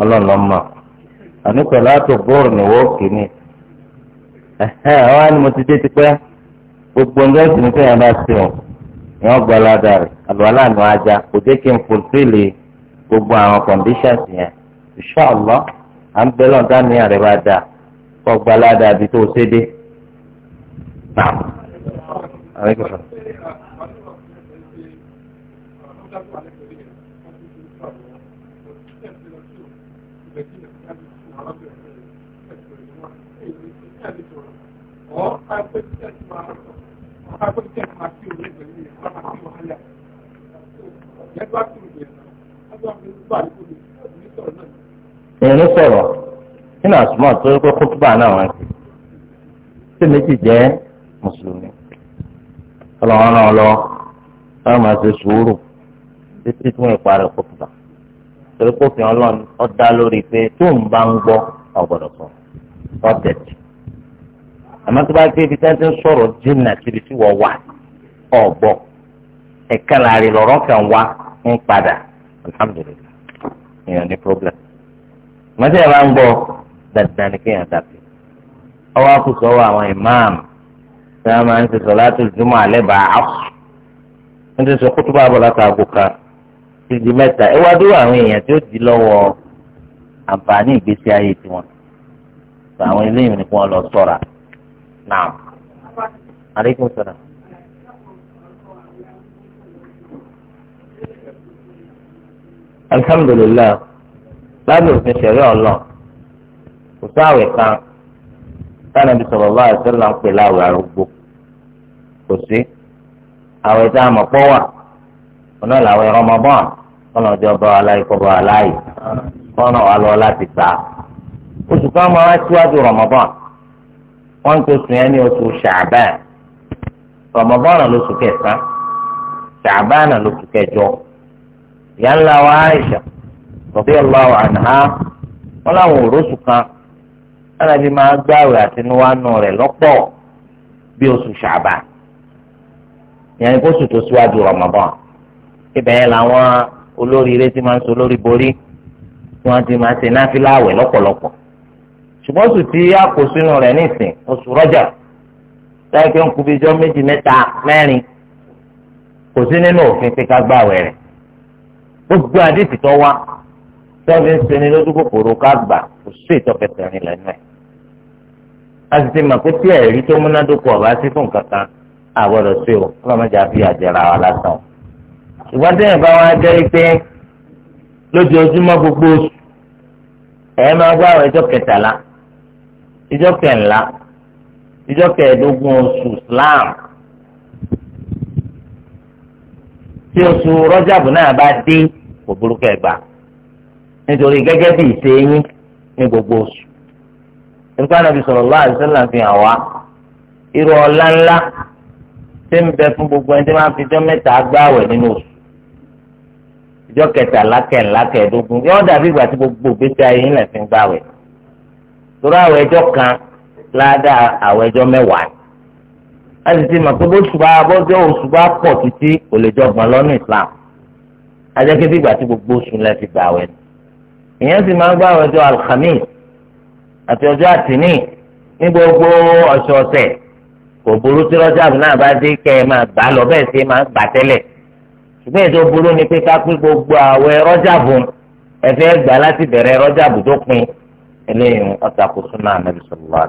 ọlọ́lọ́mọ àní sọlá tó bọ́ọ̀lù ni wọ́n kì í ní ẹ̀hẹ́ àwọn ni mo ti dé tipẹ́ gbogbo ọjọ́ ìsìn fún yàrá sí wọn ni wọn gba ládàá rẹ àlùwàlá nu ajá kò jẹ́ kí n fulfili gbogbo àwọn conditions yẹn inshallah à ń bẹ́lọ̀ dání àrẹ bá dà kọ́ gba ládàá bí tó ṣe dé. Or I would just mark, I would just mark you ẹni sọ̀rọ̀ nínú àtúmọ̀ tó rí pé kótóbà náà wọ́n ti tí méjì jẹ́ mùsùlùmí ọlọ́wọ́n náà lọ wọ́n máa ṣe sùúrù títí tí wọ́n parí kótóbà torí kófin ọlọ́run ó dá lórí pé tó ń bá ń gbọ́ ọ̀gbọ̀dọ̀ sọ ọ̀tẹ̀tì àmọ́ tó bá gbé ibi tí ń sọ̀rọ̀ jìnnà síbi tí wọ́n wà ọ̀gbọ́n ẹ̀ka láàrin lọ́rọ́ kan wá ń padà alhamdulilayi èèyàn ní problem. mọ́tẹ́ ẹ̀ máa ń gbọ́ dandan ni kéèyàn dàbí. ọwọ́ àkùsọ wọ àwọn imam tí wọ́n máa ń ṣe sọ̀láàtù jùmọ̀ alẹ́ bá a kù. wọ́n ti sọ kótó báàbọ̀ látàgò kan ti di mẹ́ta ẹ wá dúró àwọn èèyàn tí ó di lọ́wọ́ àǹfààní ìgbésí ayé tiwọn. àwọn eléyìí ni wọ́n lọ sọ̀ra. naam aleykum salaam. alhamdulilayi lábẹ́ òfin ṣẹ̀rí ọlọ́ kò sáwẹ̀ kan táwọn ibi sọ̀rọ̀ bá àṣẹ là ń pè láwẹ̀ arúgbó kò sí àwẹ̀ tá a mọ̀ pọ̀ wà ọ̀nà làwẹ̀ Ramadan kọ́nà ọjọ́ bá wa láyé kọ́ bá wa láyé kọ́nà wa lọ láti gbà oṣù kan máa ṣíwájú Ramadan wọ́n ń tẹ̀sùn yẹn ní oṣù Sha'ban Ramadan lóṣù kẹsàn-án Sha'ban lóṣù kẹjọ ìyá ńlá wa Aisha radiyallahu anha wọn láwọn òróṣù kan alábi máa gbààwẹ̀ àtinúwánu rẹ̀ lọ́pọ̀ bí oṣù ṣàbà ìyẹn ní kóṣù tó síwájú Ramadan ibẹ̀ yẹn làwọn olóríire ti máa ń so lórí borí tí wọ́n ti máa ń ṣe náfìlà àwẹ̀ lọ́pọ̀lọpọ̀ ṣùgbọ́n oṣù tí a kò sínú rẹ̀ nísìn oṣù rọ́jà táyà pé ń kú bíi méjì mẹ́ta mẹ́rin kò sí nínú òfin pé ká gbààwẹ̀ rẹ̀ gbogbo àdìsí tó wá tọ́lẹ̀ ń sẹni lójú kòkòrò ká gbà kò sí ìtọ́kẹsẹ̀ rìn lẹ́nu ẹ̀. a sì ti mọ̀ pé tí ẹ̀rí tó múnádóko ọ̀bá sí fún kankan àgbọ̀dọ̀ sí o ọlọ́mọdé àfi àjẹrà wa lásán. ìwà dẹ́yìn bá wọn jẹ́ pé lójoojúmọ́ gbogbo oṣù ẹ̀ máa gbá àwọn ìjọ kẹtàlá ìjọ kẹńlá ìjọ kẹẹ̀ẹ́dógún oṣù Islam tí oṣù Rọ́jàbù náà bá dé kò burúkú ẹgbà nítorí gẹ́gẹ́ bí ìṣe yín ní gbogbo oṣù nípa nàbí sallallahu alaihi wasallam fi hàn wá irú ọlá ńlá tí ń bẹ fún gbogbo ẹni tí wọ́n fi jọ́ mẹ́ta gbáwẹ̀ nínú oṣù ìjọ kẹtàlá kẹńlá kẹẹ̀dógún yóò dàbí ìgbà tí gbogbo gbèsè ayé ńlẹ̀ fi ń gbáwẹ̀ torí àwọn ẹjọ́ kan ládàá àwọn ẹjọ́ mẹ́wàá láti ti mọ̀ pé bó ṣùgbọ́n abọ́jọ́ oṣù bá pọ̀ títí kò lè jọ gbọ́n lọ́nà Islam ajẹ́kẹ́ bí ìgbà tí gbogbo oṣù lẹ́ ti gbà wẹ̀ ìyẹn sì máa ń gbà wẹ̀ ọjọ́ alhamis àti ọjọ́ àtìní ní gbogbo ọ̀sọ̀ọ̀sẹ̀ kò burú tí Rajab náà bá dé kẹ́ ẹ máa gbà lọ bẹ́ẹ̀ sí máa gbà tẹ́lẹ̀ ṣùgbọ́n ètò burú ni pé ká pín gbogbo àwẹ̀ Rajab ẹ fẹ́ gbà láti bẹ̀rẹ̀ Rajab tó pin eléyìí ọ̀tàkùn sunnah Nabi sallallahu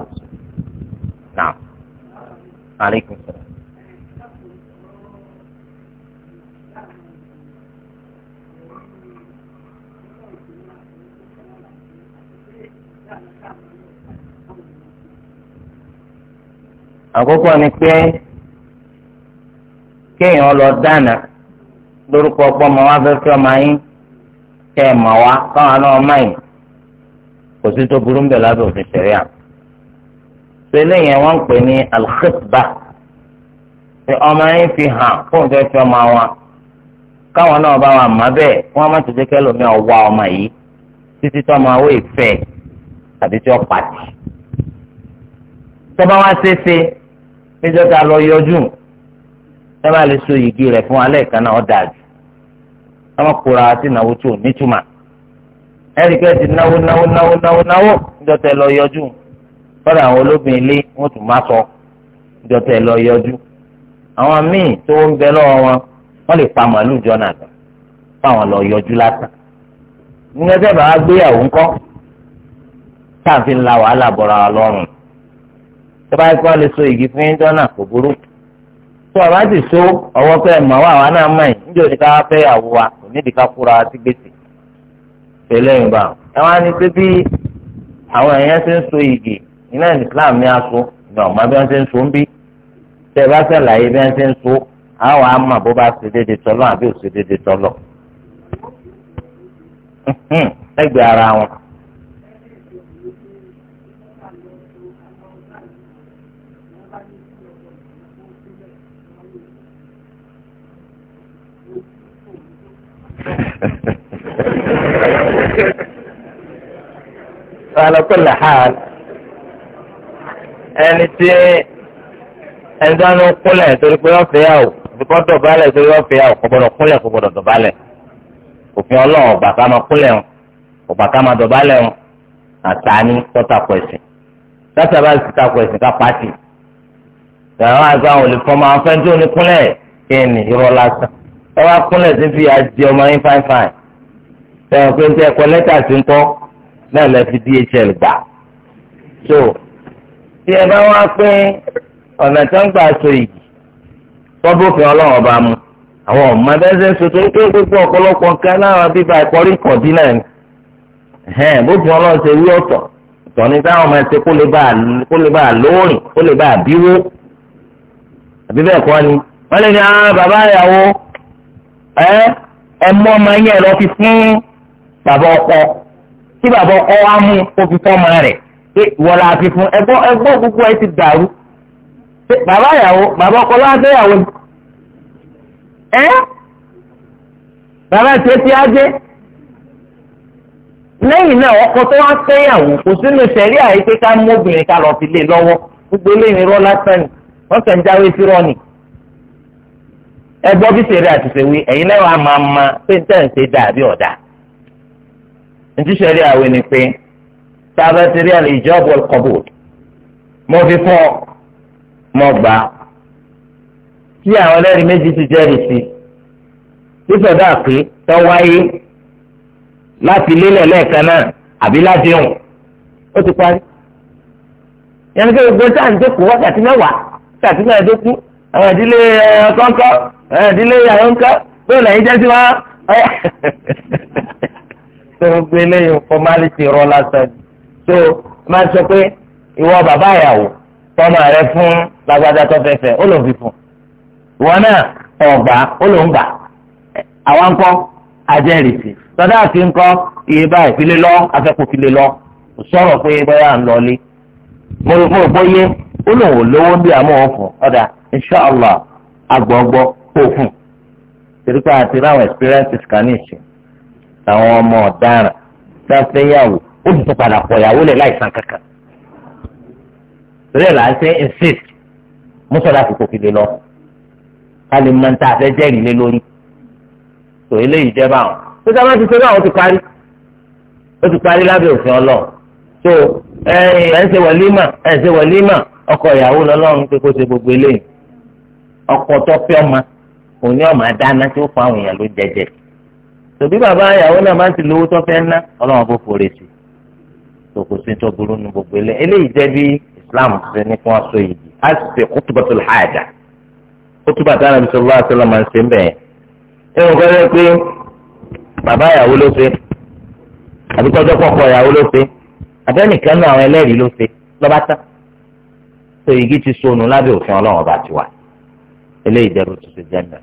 alaihi wasallam. àkọ́kọ́ ni pé kéèyàn lọ dáná lórúkọ ọpọmọ wa fẹ́ fẹ́ ọmọ yín kẹ́ ẹ̀ mọ̀ wá káwọn náà ọmọ yìí kò sí tó burú ń bẹ̀ lábẹ́ òfin ṣẹ̀rí à. sẹ́lẹ̀ yẹn wọ́n ń pè ní alkhitba pé ọmọ yín fi hàn fóun fẹ́ fẹ́ ọmọ wa káwọn náà bá wà má bẹ́ẹ̀ wọ́n má ti jẹ́ lómi ọ̀wá ọmọ yìí títí tó ọmọ awé ìfẹ́ àbí tí ó pàtì. tọ́ba wá ṣeéṣe níjọ́ tá a lọ yọjú ẹ máa lè so yìgì rẹ̀ fún alẹ́ kan náà ọ̀dà jù ẹ máa kóra sí ìnáwó tí ò nítumà ẹnìkẹ́ ti náwó náwó náwó náwó náwó níjọ́ tá ẹ lọ yọjú kọ́dà àwọn olóbìnrin ilé wọ́n tún má sọ níjọ́ tá lọ yọjú àwọn míì tó ń bẹ lọ́wọ́ wọn wọ́n lè pa màálù jọ náà fáwọn lọ yọjú lásán nígbà tẹ́ bàá gbéyàwó ńkọ́ táà fi ń la wàhálà bọ̀ra wa tó bá kọ́ lè so igi fún yín dọ́nà kò burú tó o bá sì so ọwọ́ pé mọ̀ wá àwa náà mọ̀ ni ká fẹ́ àwọ̀ wa kò ní ìdíkà kúra sí gbèsè tẹ́lẹ̀ ń ẹ bí àwọn èèyàn ṣe ń so igi iná Islam ní so ní ọ̀ma bí wọ́n ṣe ń so ń bí tẹ́ ẹ bá ṣàlàyé bí wọ́n ṣe ń so àmà bó bá ṣe déédéé tọ́lọ́ àbí ò ṣe alakọlẹ ha ẹni tí ẹni tí wọn kúnlẹ̀ torí pé wọn fẹ́ yà wò bíkọ́ dọ̀bálẹ̀ torí wọn fẹ́ yà wò kò gbọ́dọ̀ kúnlẹ̀ kò gbọ́dọ̀ dọ̀bálẹ̀ òfin Ọlọ́run ọgbà ká máa kúnlẹ̀ wọn ọgbà ká máa dọ̀bálẹ̀ wọn àtàní tọ́takọ̀ ẹ̀sìn tọ́tàbá sì takọ̀ ẹ̀sìn ká pàtì ìyàwó àgbà wọn ò lè fẹ́ tí ní kúnlẹ̀ kí ni irọ́ lásán ẹ wá kúnlẹ̀ sí fi àjẹ ọmọ yín fáin fáin sẹ́wọ̀n pé níta ẹ̀kọ́ lẹ́tà sí ń kọ́ náà lẹ́ fi DHL gbà so tí ẹ bá wá pé ọ̀nà tó ń gbà so yìí tọ́bùfin ọlọ́run ọba mu àwọn ọ̀ma bẹ́sẹ̀ ń sotò pé gbogbo ọ̀pọ̀lọpọ̀ nǹkan láwọn bíbá ìkọrí kọ̀dí náà ni bófin ọlọ́run ṣe rí ọ̀tọ̀ ọ̀tọ̀ ní táwọn ọmọ ẹsẹ̀ kó lè bá lóòrìn kó lè bá bíwó àbí bẹ́ẹ̀ ni wọ́n lè ní àwọn ah, bàbá ìyàwó ẹ ẹmú ọmọ yẹn lọ fi fún bàbá ọkọ tí bàbá ọkọ wa mú kó fi fún ọmọ rẹ̀ pé ìwọ la fi fún ẹgbọ́ ẹgbọ́ gbogbo ẹ ti dàrú bàbá ìyàwó bàbá ọkọ ló wá fẹ́yàwó ẹ bàbá tiẹ̀ ti á jẹ́ lẹ́yìn náà ọkọ tó wá fẹ́yàwó kò sínú sẹ̀rí àyíké ká mú obìnrin ká lọ fi lé lọ́wọ́ gbogbo eléyìí rọ́ lásán ni wọ́n kàn jáwé sí rọ́ ẹ gbọ́ bí sèré àti sèwé ẹ̀yin lẹ́wọ̀n a máa ma pé ń tẹ̀ ń ṣe dàbí ọ̀dà ntí sẹ́rí àwẹ̀ ni pé sábà sẹ́rí àlè ìjọ́bù ọkọ̀bù mo fi fọ́ mo gbà tí àwọn ẹlẹ́rìí méjì ti jẹ́rìí sí tí sọ̀dọ̀ àpé tó wáyé láti lélẹ̀ lẹ́ẹ̀kan náà àbí ládéhùn ó ti parí yẹn ní kí gbogbo sáà ń dẹ́kun wákàtí mẹ́wàá wákàtí mẹ́ẹ̀ẹ́dógún àwọn ìdílé kọ́ńkọ́ ẹ̀ ìdílé ìyàwó ń ká bẹ́ẹ̀ lẹ́yìn jẹ́ sí wa. tó o gbé lẹ́yìn fọmálítì rọ lásán tó o máa sọ pé ìwọ bàbá ìyàwó tọ́mọ rẹ fún lágbádá tó fẹ́ fẹ́ ó lòun fi fún ìwọ náà ọ̀gbà ó lòun gbà àwa ń kọ́ ajẹ́rìsì sọdá àti ńkọ́ iye báyìí fi lé lọ afẹ́kù fi lé lọ kò sọ̀rọ̀ pé bóyá ń lọlé mo rò pé ó lòun ò lówó bí àmọ́ òun fún ọ̀dà inṣàlá agbọ̀ngbọ̀ kó fún torí pé àti ráwọn experiences kan ní ìsìn àwọn ọmọ ọ̀daràn tá a fẹ́ yàwó ó ti tún padà pọ̀ yàwó lẹ̀ láìsàn kankan torí ẹ̀ là ń ṣe insist mọ́sálà kò fi lè lọ ká lè mọ níta àfẹ́ jẹ́rìí lé lórí tò eléyìí jẹ́ báwọn tó sábà ti ṣe báwọn ti parí ó ti parí lábẹ́ òfin ọlọ́run tó ẹ ẹ ń ṣe wàlímà ẹ ń ṣe wàlímà ọkọ ìyàwó lọ́lọ́run pé kó ṣe gbogbo eléyìí ọkọ tó fẹ́ ọmọ òun ni ọmọ adáná tí ó fún àwọn èèyàn ló jẹjẹ tòbí bàbá ìyàwó náà máa ń ti lówó tó fẹ́ ná ọlọ́run bó forè sí tó kò sí tó burú nu gbogbo ilé eléyìí jẹ́ bí Islam ṣe ní kí wọ́n sọ yìí á sì ṣe kútùbọ̀tò hàjà kútùbọ̀tò àrùn tó lọ́wọ́ àti ọlọ́mọ ṣe ń bẹ̀ ẹ̀ ń gbọ́dọ̀ pé bàbá ìyàwó ló ṣe àbí tọ́jọ́ pọ̀pọ̀ ìyàwó ló ṣe àbẹ́nìkan àwọn ẹlẹ́rìí ló ṣe lọ́ba tán tó igi ti sọnù lábẹ́ òfin ọlọ́run ọba tiwa eléyìí jẹ́ bó ti ṣe jẹ́ náà.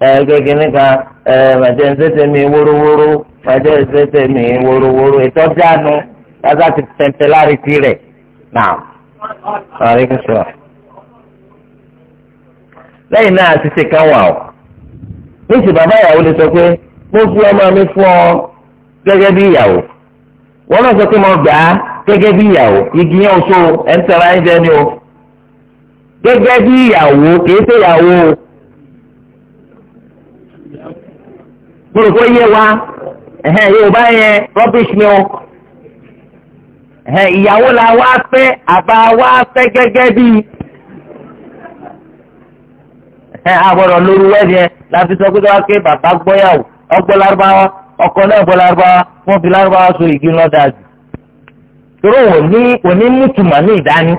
gẹ́gẹ́ níka màjẹ́ mi wórówóró màjẹ́ mi wórówóró ìtọ́jánu lásà ti ti rẹ̀ náà a. wà ó níṣì bàbá ìyàwó lè sọ pé mo fi ọmọ mi fún ọ gẹ́gẹ́ bí ìyàwó wọ́n náà sọ pé mo gbà á gẹ́gẹ́ bí o gẹ́gẹ́ bí ìyàwó kì í ṣe ìyàwó o. mo rò yé wa yorùbá yẹn rubbish ni o ìyàwó la wá fẹ́ àbá wá fẹ́ gẹ́gẹ́ bí àbọ̀rọ̀ lórí wẹ́ẹ̀dì yẹn la fi sọ pé kí wọ́n ké bàbá gbọ́yàwó ọgbọ́ lárúbáwá ọkọ náà gbọ́ lárúbáwá wọ́n fi lárúbáwá so ìgbín lọ́dà jù torí òní òní mútùmọ̀ ní ìdání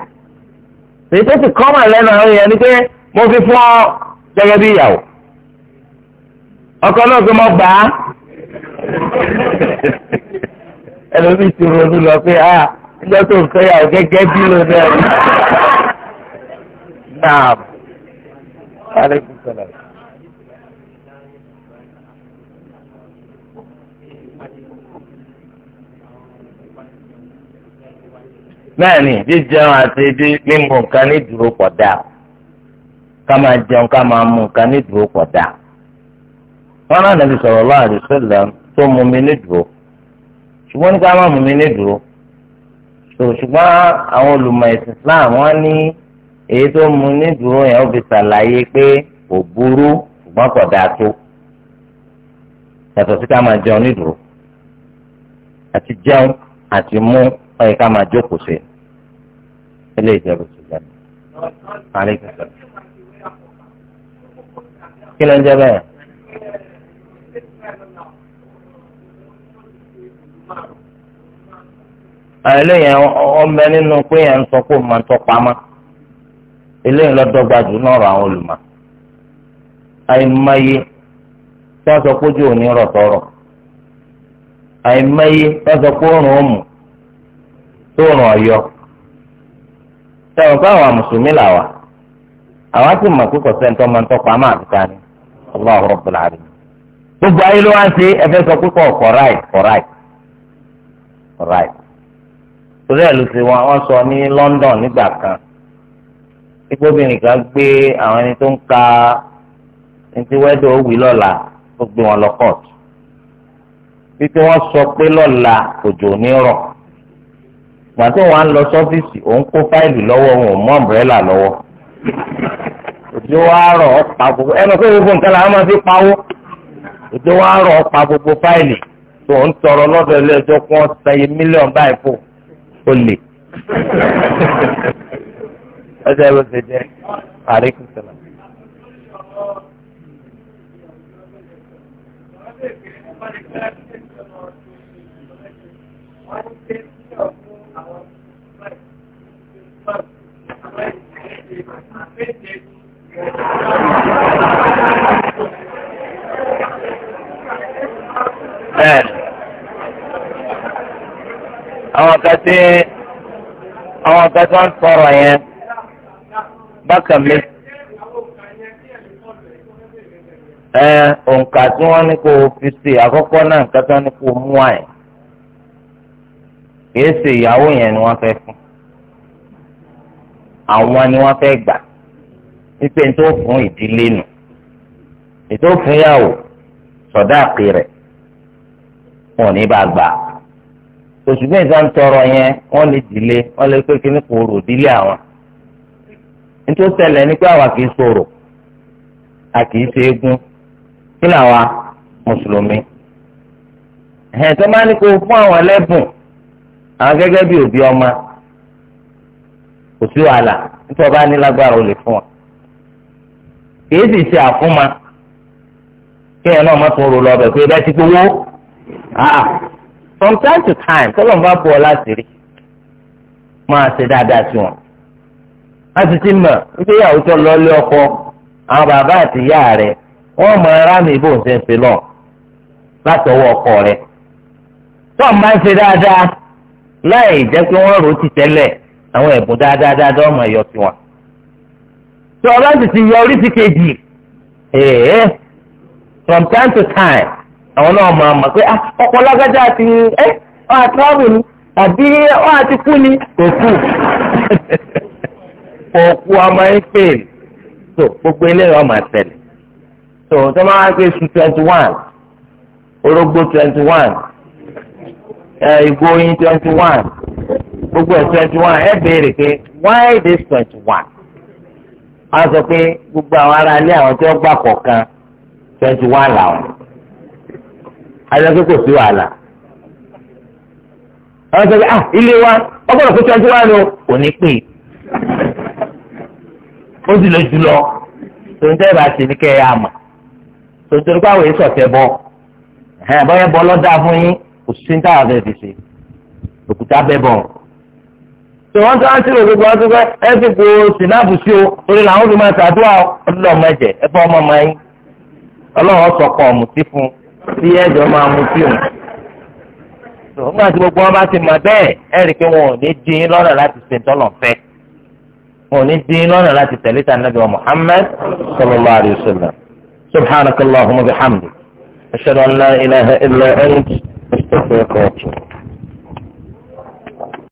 èyí tó ti kọ́ mà lẹ́nu àwọn èèyàn ni pé mo fi fún ọ gẹ́gẹ́ bí ìyàwó. ọkọ náà gbé mọ́ gbà á ẹlòmíì ti ronú lọ pé a ah, ẹjọ́ tó ń fẹ́yà gẹ́gẹ́ bí ló dẹ́ rí. naam aleykum salaam. bẹ́ẹ̀ni jíjẹun àti mímu nǹkan ní ìdúró pọ̀ dáa ká máa jẹun ká máa mu nǹkan ní ìdúró pọ̀ wọn náà nàbì sallallahu alaihi wasallam tó mú mi ní dúró ṣùgbọ́n nípa má mú mi ní dúró tó àwọn olùmọ̀ ẹ̀sìn Islam wọ́n ní èyí tó mú ní dúró yẹn ó fi ṣàlàyé pé kò burú ṣùgbọ́n kò dáa tó yàtọ̀ sí ká máa jẹun ní dúró àti jẹun àti mú ọyẹ ká máa jókòó sí ilé ìjẹun sí ìjẹun. kí ló ń jẹ bẹ́ẹ̀. eléyìí ọmọ nínú pé yẹn ń sọ pé máa ń tọ́ pamọ́ eléyìí lọ́dọ́gba jù àwọn olùmọ̀ àìmọye tí wọ́n sọ pé ojú òní rọ̀ tọrọ àìmọye tí wọ́n sọ pé òrùn òmù tó ọ̀yọ́ sẹ́wọ̀n pé àwọn mùsùlùmí àwọn kọ̀sẹ́ ń tọ́ pamọ́ àbíká ni gbogbo ayé ń ṣe ẹ̀fẹ́ sọ pé kọ̀ torí ẹ̀ ló ti wọn wọ́n sọ ní London nígbà kan ìgbóbìnrin kan gbé àwọn ẹni tó ń ka ntí wẹ́dọ̀ ó wí lọ́la tó gbé wọn lọ kóòtù wípé wọ́n sọ pé lọ́la òjò ní rọ̀ gbà tó wọn á lọ sọ́fíìsì òun kó fáìlì lọ́wọ́ òun ò mú ọ̀mbrẹ́là lọ́wọ́ òjò wa rọ̀ ọ̀pá gbogbo ẹnu pé gbogbo nǹkan làwọn máa fi pawó òjò wa rọ̀ ọ̀pá gbogbo fáìlì tó ń tọrọ lọ́dọ̀ ilé ẹjọ́ kí wọ́n sẹ́yìn mílíọ̀nù báyìí fò ó lè ọjọ́ ìwé ṣe jẹ́ àríkùn sọ̀rọ̀. Bẹ́ẹ̀ni àwọn kan tí àwọn kan tó ń sọ̀rọ̀ yẹn bákan mi. ẹ òǹkà tí wọ́n ní kó o fi ṣe àkọ́kọ́ náà nǹkan tí ní kó o mú àyè kìí ṣe ìyàwó yẹn ni wọ́n fẹ́ fún àwọn ni wọ́n fẹ́ gbà wípé n tó fún ìdílé nù ètò fúnyàwó sọdáàkì rẹ̀ wọn ò ní bá gbà á. oṣù bẹ́ẹ̀ sá ń tọrọ yẹn wọ́n lè dìlé wọ́n lè pé kíní kò rò dílé àwọn nítorí tẹ̀lẹ̀ ní pé àwa kìí a kìí ṣe eégún kí làwa mùsùlùmí tó máa ní kó fún àwọn ẹlẹ́bùn àwọn gẹ́gẹ́ òbí ọmọ kò ọba ní lágbára ò lè fún kìí sì ṣe àfúnma náà má tún lọ bẹ̀ from time to time tọ́lọ̀ ń bá bọ̀ ọ́ láti rí máa ṣe dáadáa sí wọn. a sì ti mọ̀ nígbéyàwó tó lọ lé ọkọ àwọn bàbá àti ìyá rẹ̀ wọ́n mọ ara mi bó ń ṣe ń ṣe lọ láti ọwọ́ ọkọ rẹ̀. tọ́ ń bá ń ṣe dáadáa láì jẹ́ pé wọ́n rò ó ti tẹ́lẹ̀ àwọn ẹ̀bùn dáadáa dáadáa ọmọ ẹ̀yọ sí wọn. tí ọba sì ti yọ orí sí kejì from time to time àwọn náà máa mọ̀ pé ah, ọkọ̀ lágbájá ti ẹ́ ọ́ àtúráwò ni àbí ọ́ àti kú ni kò kú òkú ọmọ yín fail so gbogbo eléyìí ọmọ àtẹlẹ so tó máa gbé su twenty one orógbó twenty one ìgò oyin twenty one gbogbo ẹ̀ twenty one ẹ béèrè pé why this twenty one a sọ pé gbogbo àwọn ará ilé àwọn tí wọ́n gbà kọ̀ọ̀kan twenty one làwọn. ayọ̀ pé kò sí wàhálà àwọn sọ pé ah ilé wa ọgbọ́dọ̀ fún twenty one o kò ní pè ó sì lọ bá ti ní kẹ́ ẹ àmà tòun tó ní pé àwọn èso bọ́yẹ bọ́ lọ́dà fún yín kò sí ní táwọn fẹ́ẹ́ fi ṣe òkúta bẹ́ bọ̀ tò wọ́n tó wá sí ìròyìn gbogbo wọn tó fẹ́ ẹ fi sí o torí làwọn tí ẹ̀jọ̀ máa mú sí òun. nígbà tí gbogbo wọn bá ti mọ̀ bẹ́ẹ̀ ẹ̀ rí i pé wọn ò ní dín lọ́nà láti ṣe tọ́lọ̀ fẹ́ wọn ò ní dín lọ́nà láti tẹ̀lé ta nàbẹ̀ wa Muhammad sallallahu alayhi wa sallam subhanakallahumma bihamdik ashhadu an la ilaha illa anta astaghfiruka